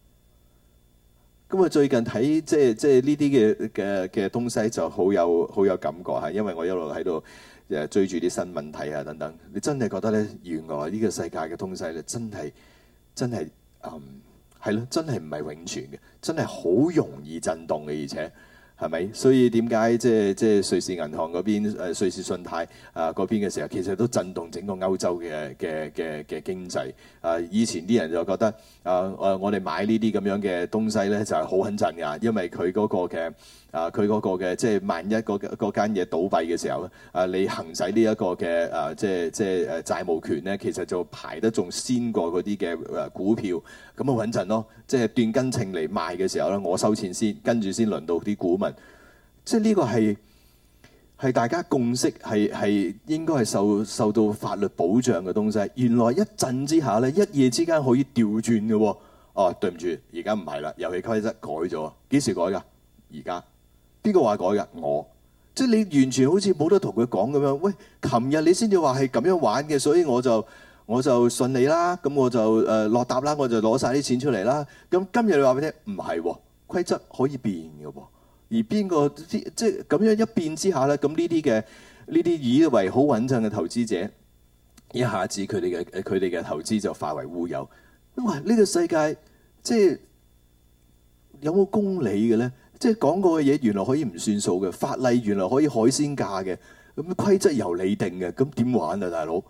咁啊，最近睇即係即係呢啲嘅嘅嘅東西就好有好有感覺嚇、啊，因為我一路喺度誒追住啲新聞睇啊等等，你真係覺得呢，原來呢個世界嘅東西咧，真係真係嗯。係咯，真係唔係永存嘅，真係好容易震動嘅，而且。係咪？所以點解即係即係瑞士銀行嗰邊，誒瑞士信貸啊，嗰邊嘅時候，其實都震動整個歐洲嘅嘅嘅嘅經濟。啊，以前啲人就覺得啊，誒，我哋買呢啲咁樣嘅東西咧，就係好穩陣㗎，因為佢嗰個嘅啊，佢嗰個嘅即係萬一嗰、嗰個、間嘢倒閉嘅時候咧，啊，你行使呢一個嘅啊，即係即係誒債務權咧，其實就排得仲先過嗰啲嘅誒股票，咁啊穩陣咯。即係斷根稱嚟賣嘅時候咧，我收錢先，跟住先輪到啲股民。即係呢個係係大家共識，係係應該係受受到法律保障嘅東西。原來一陣之下呢，一夜之間可以調轉嘅。哦，啊、對唔住，而家唔係啦，遊戲規則改咗。幾時改噶？而家邊個話改噶？我即係你完全好似冇得同佢講咁樣。喂，琴日你先至話係咁樣玩嘅，所以我就我就信你啦。咁我就誒、呃、落搭啦，我就攞晒啲錢出嚟啦。咁今日你話俾你聽，唔係規則可以變嘅噃，哦。而邊個啲即係咁樣一變之下咧？咁呢啲嘅呢啲以為好穩陣嘅投資者，一下子佢哋嘅佢哋嘅投資就化為烏有。哇！呢個世界即係有冇公理嘅咧？即係講過嘅嘢原來可以唔算數嘅，法例原來可以海鮮價嘅，咁規則由你定嘅，咁點玩啊，大佬？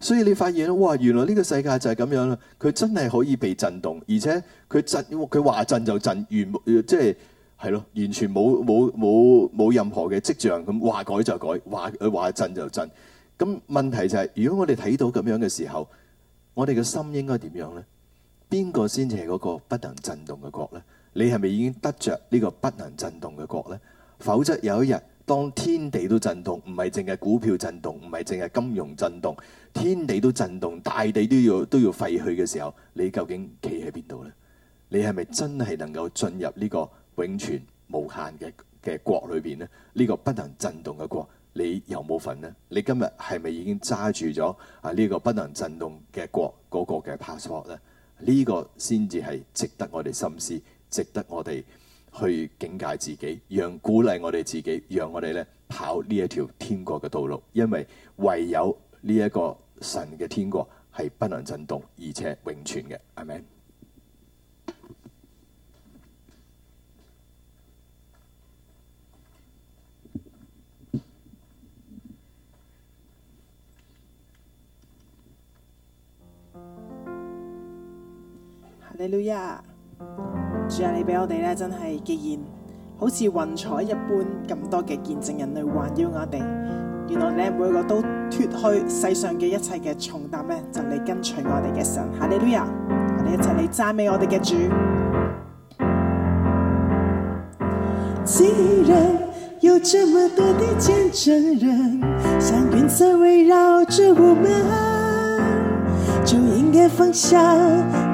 所以你發現哇，原來呢個世界就係咁樣啦。佢真係可以被震動，而且佢震佢話震就震，原即係。係咯，完全冇冇冇任何嘅跡象，咁話改就改，話話震就震。咁問題就係、是，如果我哋睇到咁樣嘅時候，我哋嘅心應該點樣呢？邊個先至係嗰個不能震動嘅國呢？你係咪已經得着呢個不能震動嘅國呢？否則有一日當天地都震動，唔係淨係股票震動，唔係淨係金融震動，天地都震動，大地都要都要廢去嘅時候，你究竟企喺邊度呢？你係咪真係能夠進入呢、這個？永存無限嘅嘅國裏邊咧，呢、呢個不能震動嘅國，你有冇份咧？你今日係咪已經揸住咗啊？呢個不能震動嘅國嗰、嗰個嘅 passport 咧？呢、呢個先至係值得我哋深思，值得我哋去警戒自己，讓鼓勵我哋自己，讓我哋咧跑呢一條天國嘅道路，因為唯有呢一個神嘅天國係不能震動而且永存嘅，阿門。Hallelujah，主啊，你畀我哋咧真係，既然好似雲彩一般咁多嘅見證人嚟環繞我哋，原來咧每個都脱去世上嘅一切嘅重擔咧，就嚟跟隨我哋嘅神。Hallelujah，我哋一齊嚟讚美我哋嘅主。既然有這麼多的見證人，像雲彩圍繞着我們，就應該放下。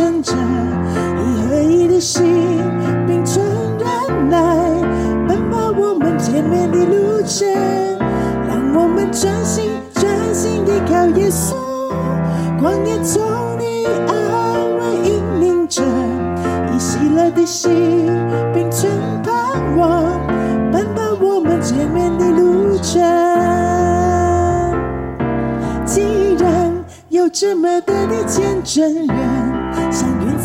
掙扎，以合一的心並存忍耐，奔跑我們前面的路程，讓我們專心專心依靠耶穌，曠野中你安慰引領着，以喜樂的心並存盼望，奔跑我們前面的路程，既然有這麼多的見證人。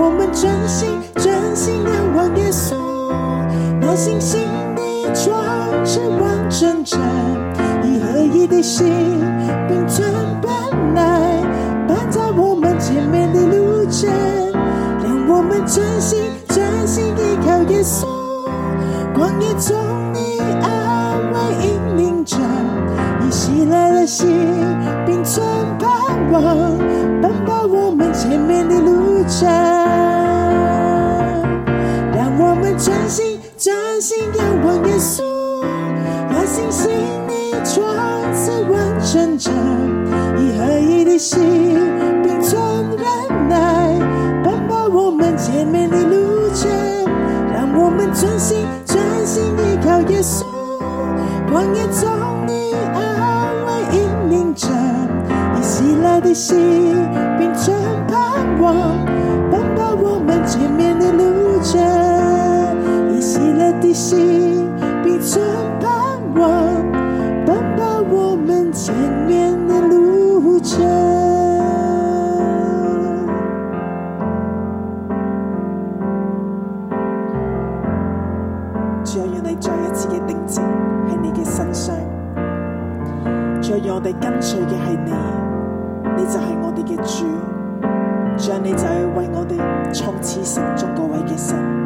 我們專心專心仰望耶穌，那信心的創始成終，以合一的心並肩，伴來伴在我們前面的路程。讓我們專心專心依靠耶穌，光也從你安慰引領着，以喜樂的心並肩盼望，伴到我們前面的路程。專心仰望耶穌，把信心的創始成終者，以合一的心變成忍耐，奔跑我們前面的路程，讓我們專心專心依靠耶穌，曠野中的安慰引領着，一和一的心變成盼望。只願你再一次地定睛，喺你嘅身上，再讓我哋跟隨嘅係你，你就係我哋嘅主。將你就係為我哋，創始成終各位嘅神。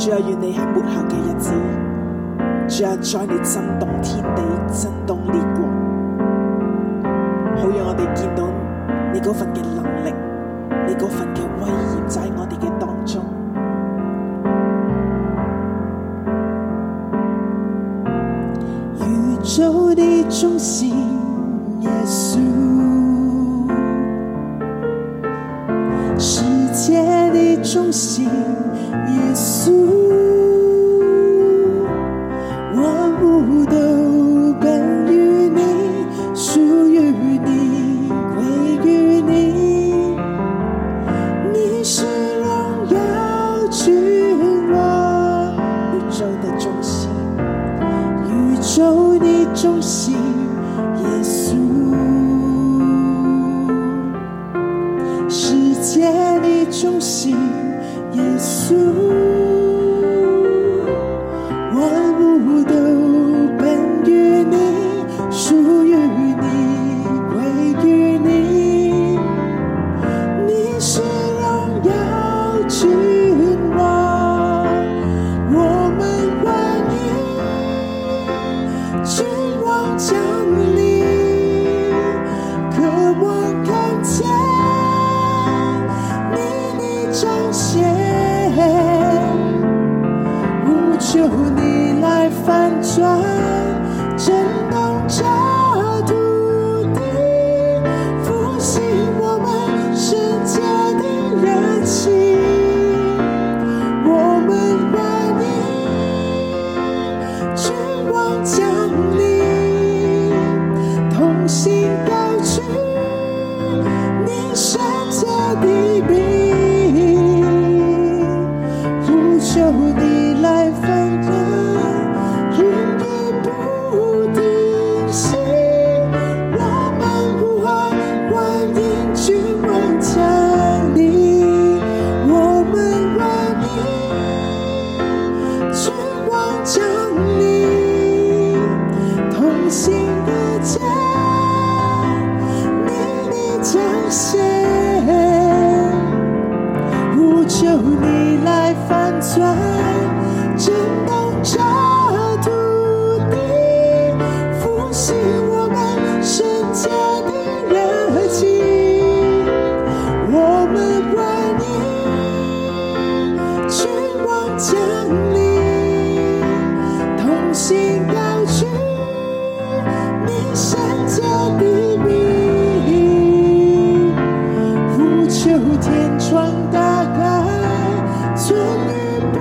主啊，最後願你喺末後嘅日子，主要在你震動天地、震動列國，好讓我哋見到你嗰份嘅能力，你嗰份嘅威嚴，就喺我哋嘅當中。宇早，的中心。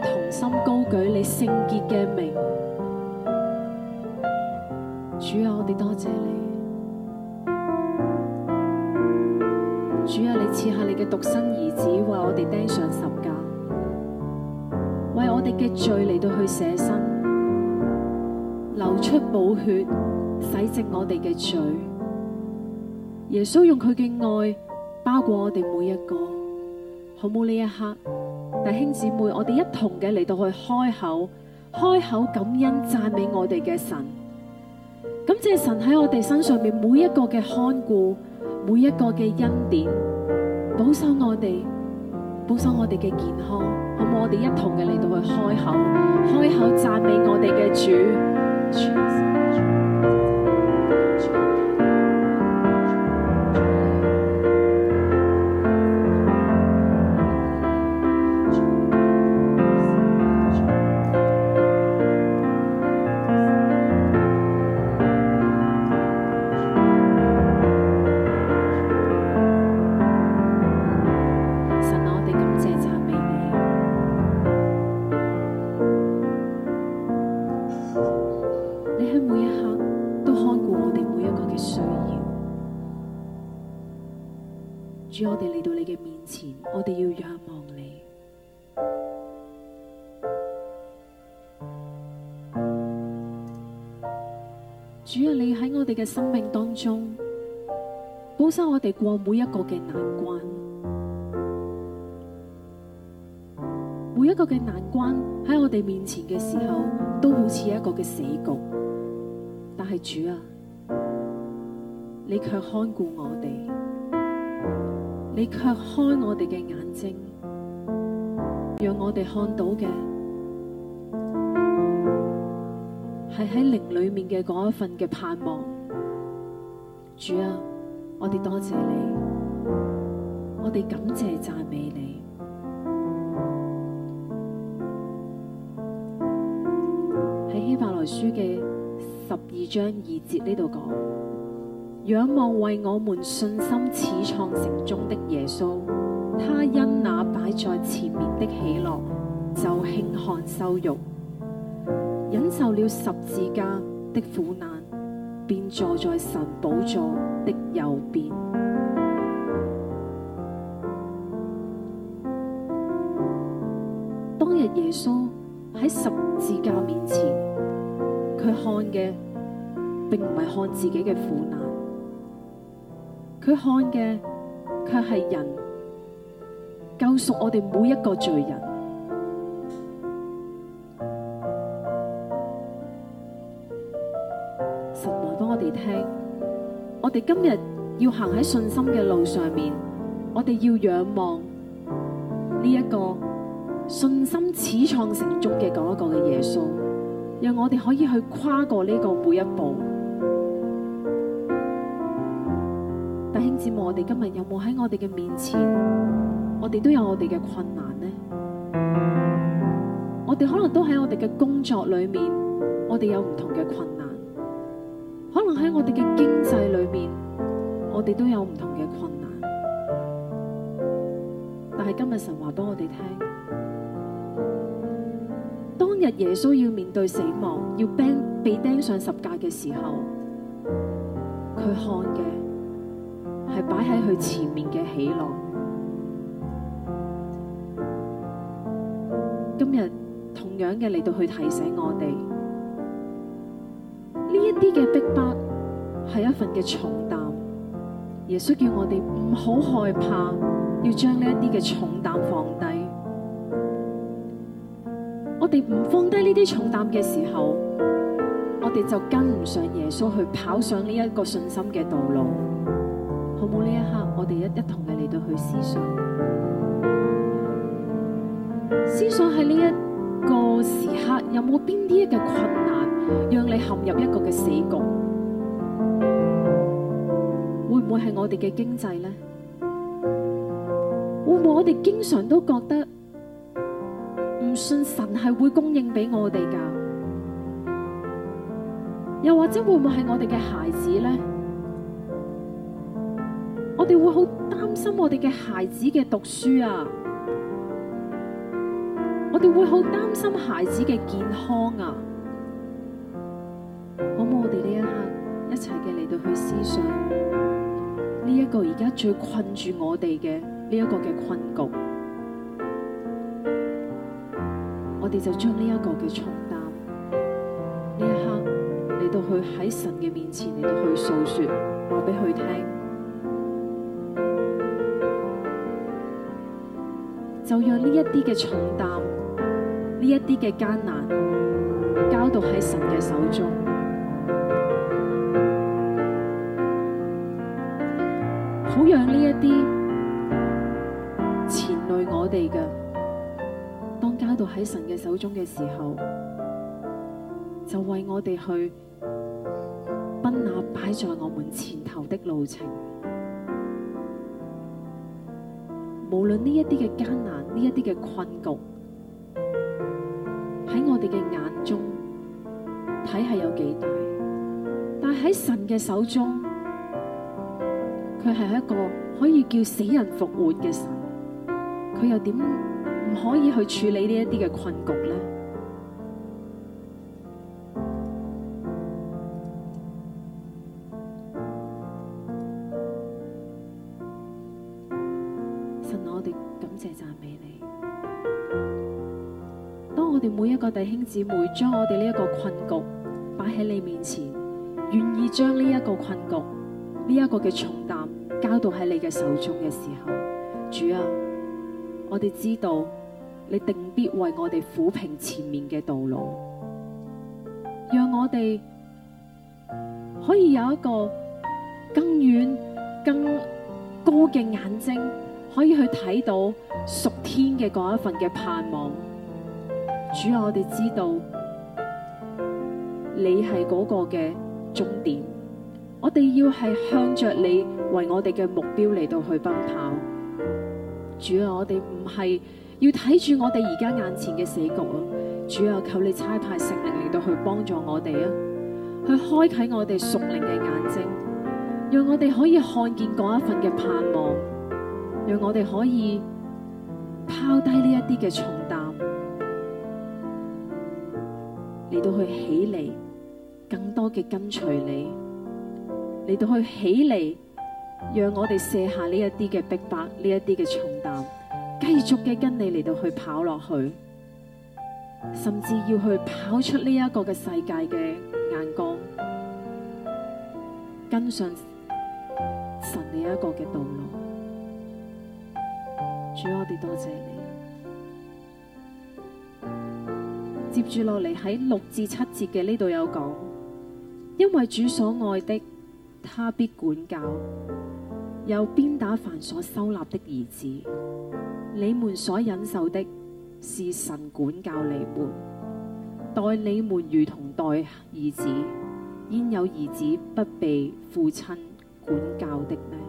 同心高舉你聖潔嘅名，主啊，我哋多謝你。主啊，你賜下你嘅獨生兒子，為我哋釘上十架，為我哋嘅罪嚟到去捨身，流出寶血洗淨我哋嘅罪。耶穌用佢嘅愛包過我哋每一個，好冇呢一刻。弟兄姊妹，我哋一同嘅嚟到去開口，開口感恩讚美我哋嘅神，感謝神喺我哋身上面每一個嘅看顧，每一個嘅恩典，保守我哋，保守我哋嘅健康。好，我哋一同嘅嚟到去開口，開口讚美我哋嘅主。每一刻都看顧我哋每一個嘅需要，主，我哋嚟到你嘅面前，我哋要仰望你。主啊，你喺我哋嘅生命當中，保守我哋過每一個嘅難關。每一個嘅難關喺我哋面前嘅時候，都好似一個嘅死局。係主啊，你卻看顧我哋，你卻開我哋嘅眼睛，讓我哋看到嘅係喺靈裏面嘅嗰一份嘅盼望。主啊，我哋多謝謝你，我哋感謝讚美你。喺希伯來書嘅。章二節呢度講，仰望為我們信心始創成終的耶穌，他因那擺在前面的喜樂，就輕看羞辱，忍受了十字架的苦難，便坐在神寶座的右邊。當日耶穌喺十。唔係看自己嘅苦難，佢看嘅卻係人，救贖我哋每一個罪人。神話俾我哋聽，我哋今日要行喺信心嘅路上面，我哋要仰望呢一個信心始創成終嘅嗰一個嘅耶穌，讓我哋可以去跨過呢個每一步。弟兄姊妹，我哋今日有冇喺我哋嘅面前？我哋都有我哋嘅困難呢。我哋可能都喺我哋嘅工作裏面，我哋有唔同嘅困難；可能喺我哋嘅經濟裏面，我哋都有唔同嘅困難。但係今日神話俾我哋聽，當日耶穌要面對死亡，要釘被釘上十架嘅時候，佢看嘅。擺喺佢前面嘅喜樂，今日同樣嘅嚟到去提醒我哋，呢一啲嘅逼迫係一份嘅重擔。耶穌叫我哋唔好害怕，要將呢一啲嘅重擔放低。我哋唔放低呢啲重擔嘅時候，我哋就跟唔上耶穌去跑上呢一個信心嘅道路。好冇？呢一刻，我哋一一同你嚟到去思想，思想喺呢一個時刻，有冇邊啲嘅困難，讓你陷入一個嘅死局？會唔會係我哋嘅經濟咧？會唔會我哋經常都覺得唔信神係會供應俾我哋噶？又或者會唔會係我哋嘅孩子咧？我哋會好擔心我哋嘅孩子嘅讀書啊！我哋會好擔心孩子嘅健康啊！好唔好？我哋呢一刻一齊嘅嚟到去思想呢一個而家最困住我哋嘅呢一個嘅困局，我哋就將呢一個嘅重擔呢一刻嚟到去喺神嘅面前嚟到去訴說，話俾佢聽。就讓呢一啲嘅重擔，呢一啲嘅艱難，交到喺神嘅手中，好讓呢一啲纏累我哋嘅，當交到喺神嘅手中嘅時候，就為我哋去奔那擺在我們前頭的路程。無論呢一啲嘅艱難，呢一啲嘅困局，喺我哋嘅眼中睇係有幾大，但係喺神嘅手中，佢係一個可以叫死人復活嘅神，佢又點唔可以去處理呢一啲嘅困局咧？姊妹將我哋呢一個困局擺喺你面前，願意將呢一個困局、呢、這、一個嘅重擔交到喺你嘅手中嘅時候，主啊，我哋知道你定必為我哋撫平前面嘅道路，讓我哋可以有一個更遠、更高嘅眼睛，可以去睇到屬天嘅嗰一份嘅盼望。主啊，我哋知道你係嗰個嘅終點，我哋要係向着你為我哋嘅目標嚟到去奔跑。主啊，我哋唔係要睇住我哋而家眼前嘅死局。主啊，求你差派聖靈嚟到去幫助我哋啊，去開啟我哋屬靈嘅眼睛，讓我哋可以看見嗰一份嘅盼望，讓我哋可以拋低呢一啲嘅重擔。嚟到去起嚟，更多嘅跟隨你；嚟到去起嚟，讓我哋卸下呢一啲嘅逼迫，呢一啲嘅重擔，繼續嘅跟你嚟到去跑落去，甚至要去跑出呢一個嘅世界嘅眼光，跟上神呢一個嘅道路。主，我哋多謝你。接住落嚟喺六至七節嘅呢度有講，因為主所愛的，他必管教；有鞭打凡所收納的兒子，你們所忍受的，是神管教你們，待你們如同待兒子，焉有兒子不被父親管教的呢？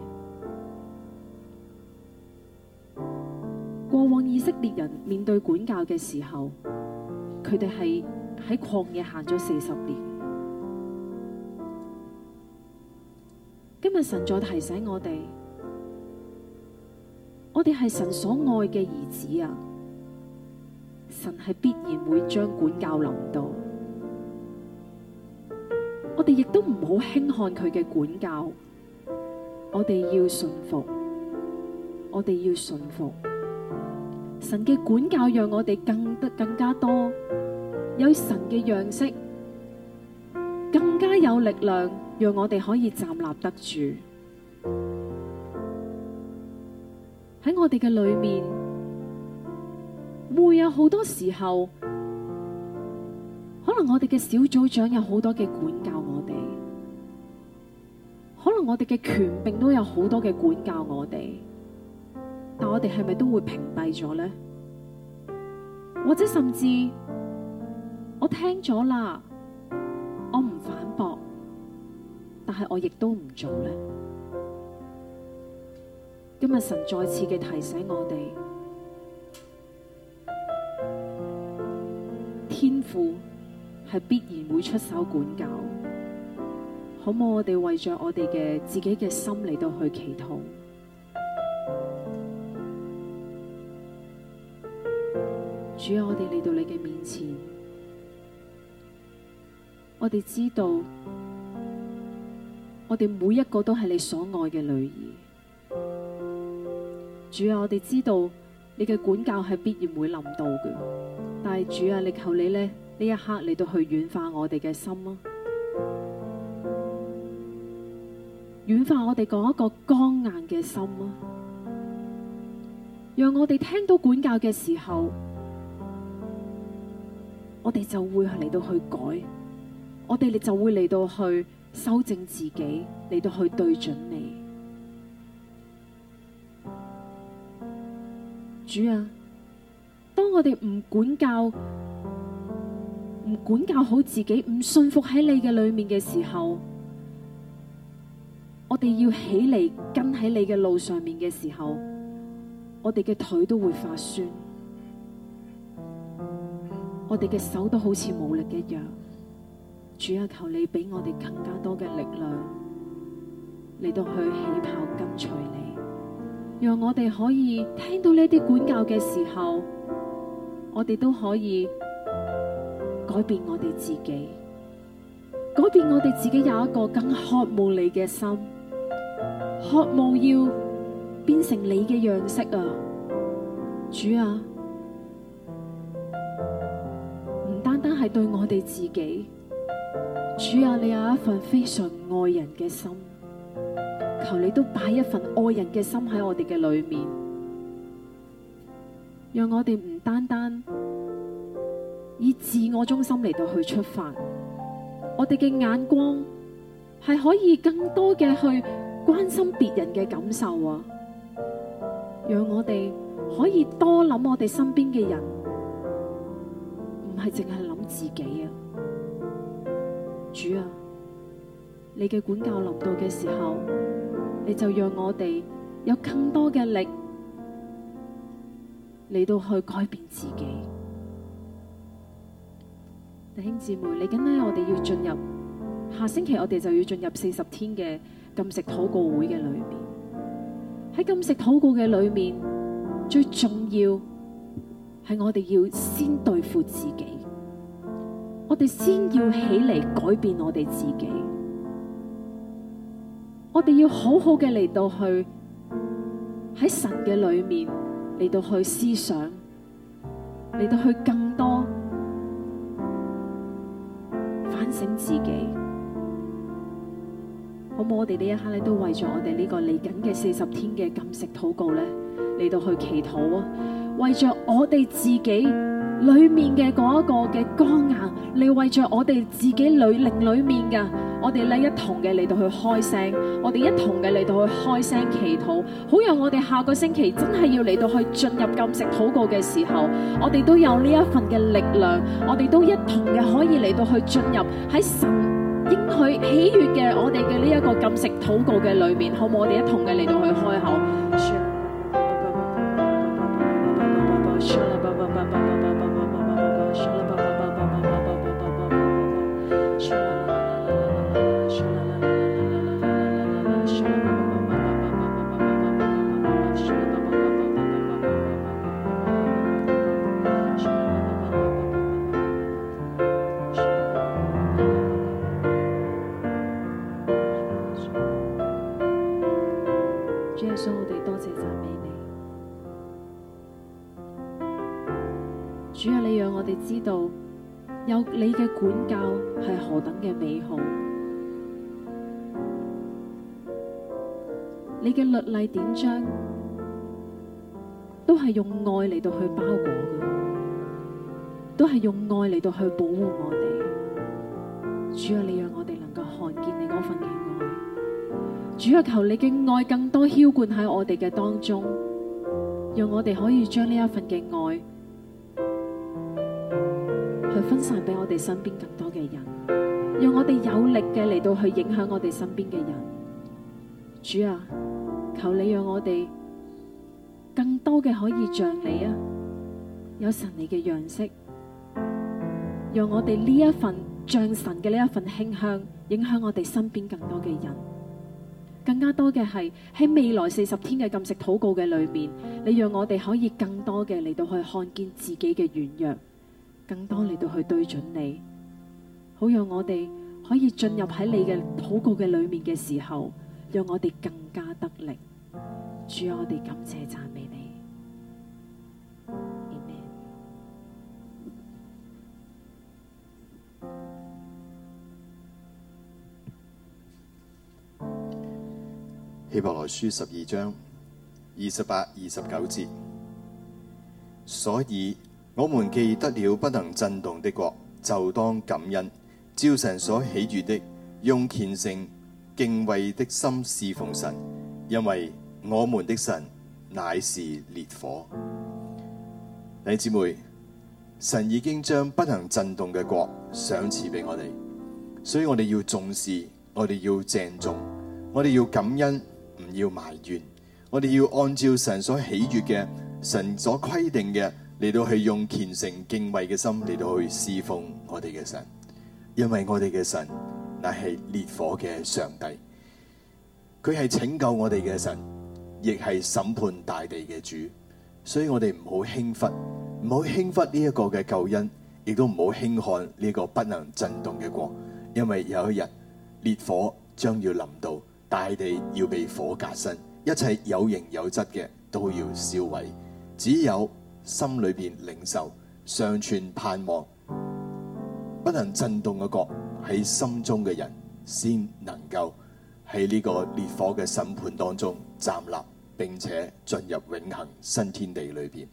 過往以色列人面對管教嘅時候，佢哋係喺曠野行咗四十年，今日神再提醒我哋，我哋係神所愛嘅兒子啊！神係必然會將管教臨到，我哋亦都唔好輕看佢嘅管教，我哋要順服，我哋要順服，神嘅管教讓我哋更得更加多。有神嘅樣式，更加有力量，讓我哋可以站立得住。喺我哋嘅裏面，會有好多時候，可能我哋嘅小組長有好多嘅管教我哋，可能我哋嘅權柄都有好多嘅管教我哋，但我哋係咪都會屏蔽咗呢？或者甚至？我聽咗啦，我唔反駁，但係我亦都唔做咧。今日神再次嘅提醒我哋，天父係必然會出手管教，好唔好我哋為著我哋嘅自己嘅心嚟到去祈禱。主，我哋嚟到你嘅面前。我哋知道，我哋每一個都係你所愛嘅女兒。主啊，我哋知道你嘅管教係必然會臨到嘅，但係主啊，你求你咧呢這一刻嚟到去軟化我哋嘅心啊，軟化我哋嗰一個剛硬嘅心啊，讓我哋聽到管教嘅時候，我哋就會嚟到去改。我哋就會嚟到去修正自己，嚟到去對準你。主啊，當我哋唔管教、唔管教好自己、唔信服喺你嘅裏面嘅時候，我哋要起嚟跟喺你嘅路上面嘅時候，我哋嘅腿都會發酸，我哋嘅手都好似冇力一樣。主啊，求你俾我哋更加多嘅力量嚟到去起跑跟隨你，讓我哋可以聽到呢啲管教嘅時候，我哋都可以改變我哋自己，改變我哋自己有一個更渴慕你嘅心，渴慕要變成你嘅樣式啊！主啊，唔單單係對我哋自己。主啊，你有一份非常愛人嘅心，求你都擺一份愛人嘅心喺我哋嘅裏面，讓我哋唔單單以自我中心嚟到去出發，我哋嘅眼光係可以更多嘅去關心別人嘅感受啊！讓我哋可以多諗我哋身邊嘅人，唔係淨係諗自己啊！主啊，你嘅管教臨到嘅時候，你就讓我哋有更多嘅力嚟到去改變自己。弟兄姊妹，嚟緊咧，我哋要進入下星期，我哋就要進入四十天嘅禁食禱告會嘅裏面。喺禁食禱告嘅裏面，最重要係我哋要先對付自己。我哋先要起嚟改變我哋自己，我哋要好好嘅嚟到去喺神嘅裏面嚟到去思想，嚟到去更多反省自己好唔好？我哋呢一刻咧都為咗我哋呢個嚟緊嘅四十天嘅禁食禱告咧嚟到去祈禱啊，為著我哋自己。裏面嘅嗰一個嘅剛硬，你為著我哋自己裏另，裏面嘅，我哋咧一同嘅嚟到去開聲，我哋一同嘅嚟到去開聲祈禱，好讓我哋下個星期真係要嚟到去進入禁食禱告嘅時候，我哋都有呢一份嘅力量，我哋都一同嘅可以嚟到去進入喺神應許喜悅嘅我哋嘅呢一個禁食禱告嘅裏面，好唔好？我哋一同嘅嚟到去開口。你嘅律例典章都係用愛嚟到去包裹嘅，都係用愛嚟到去保護我哋。主啊，你讓我哋能夠看見你嗰份嘅愛。主啊，求你嘅愛更多澆灌喺我哋嘅當中，讓我哋可以將呢一份嘅愛去分散俾我哋身邊更多嘅人，讓我哋有力嘅嚟到去影響我哋身邊嘅人。主啊！求你讓我哋更多嘅可以像你啊，有神你嘅樣式，讓我哋呢一份像神嘅呢一份馨香，影響我哋身邊更多嘅人，更加多嘅係喺未來四十天嘅禁食禱告嘅裏面，你讓我哋可以更多嘅嚟到去看見自己嘅軟弱，更多嚟到去對準你，好讓我哋可以進入喺你嘅禱告嘅裏面嘅時候。讓我哋更加得力，主啊，我哋感謝讚美你。Amen。希伯來書十二章二十八、二十九節，所以我們記得了不能震動的國，就當感恩，照神所喜悅的，用虔誠。敬畏的心侍奉神，因為我們的神乃是烈火。弟兄姊妹，神已經將不能震動嘅國賞賜俾我哋，所以我哋要重視，我哋要鄭重，我哋要感恩，唔要埋怨，我哋要按照神所喜悦嘅，神所規定嘅嚟到去用虔誠敬畏嘅心嚟到去侍奉我哋嘅神，因為我哋嘅神，乃係烈火嘅上帝，佢係拯救我哋嘅神，亦係審判大地嘅主。所以我哋唔好輕忽，唔好輕忽呢一個嘅救恩，亦都唔好輕看呢個不能震動嘅國。因為有一日，烈火將要臨到，大地要被火革新，一切有形有質嘅都要燒毀，只有心裏邊領受尚存盼望，不能震動嘅國。喺心中嘅人先能夠喺呢個烈火嘅審判當中站立，並且進入永恆新天地裏邊。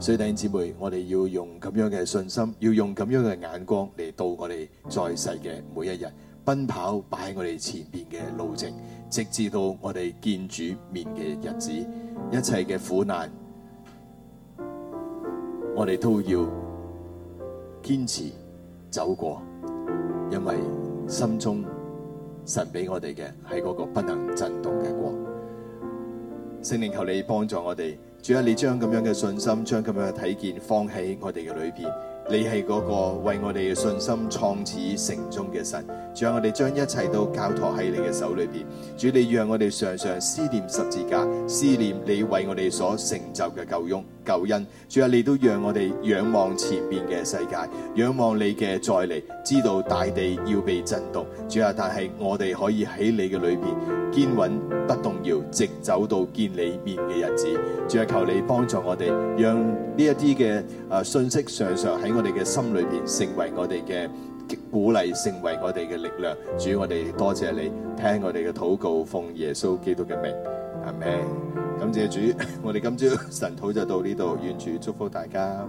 所以弟兄姊妹，我哋要用咁樣嘅信心，要用咁樣嘅眼光嚟到我哋在世嘅每一日奔跑擺喺我哋前面嘅路程，直至到我哋見主面嘅日子，一切嘅苦難，我哋都要堅持走過。因為心中神俾我哋嘅係嗰個不能震動嘅光，聖靈，求你幫助我哋，主啊，你將咁樣嘅信心，將咁樣嘅體見放喺我哋嘅裏邊。你係嗰個為我哋嘅信心創始成終嘅神，主啊，我哋將一切都交託喺你嘅手裏邊。主啊，你讓我哋常常思念十字架，思念你為我哋所成就嘅救恩。救恩，主啊，你都讓我哋仰望前面嘅世界，仰望你嘅再嚟，知道大地要被震動，主啊，但係我哋可以喺你嘅裏邊堅穩不動搖，直走到見你面嘅日子。主啊，求你幫助我哋，讓呢一啲嘅誒信息常常喺我哋嘅心裏邊成為我哋嘅鼓勵，成為我哋嘅力量。主啊，我哋多謝你，聽我哋嘅禱告，奉耶穌基督嘅名。係咪？感謝主，我哋今朝晨禱就到呢度，願主祝福大家。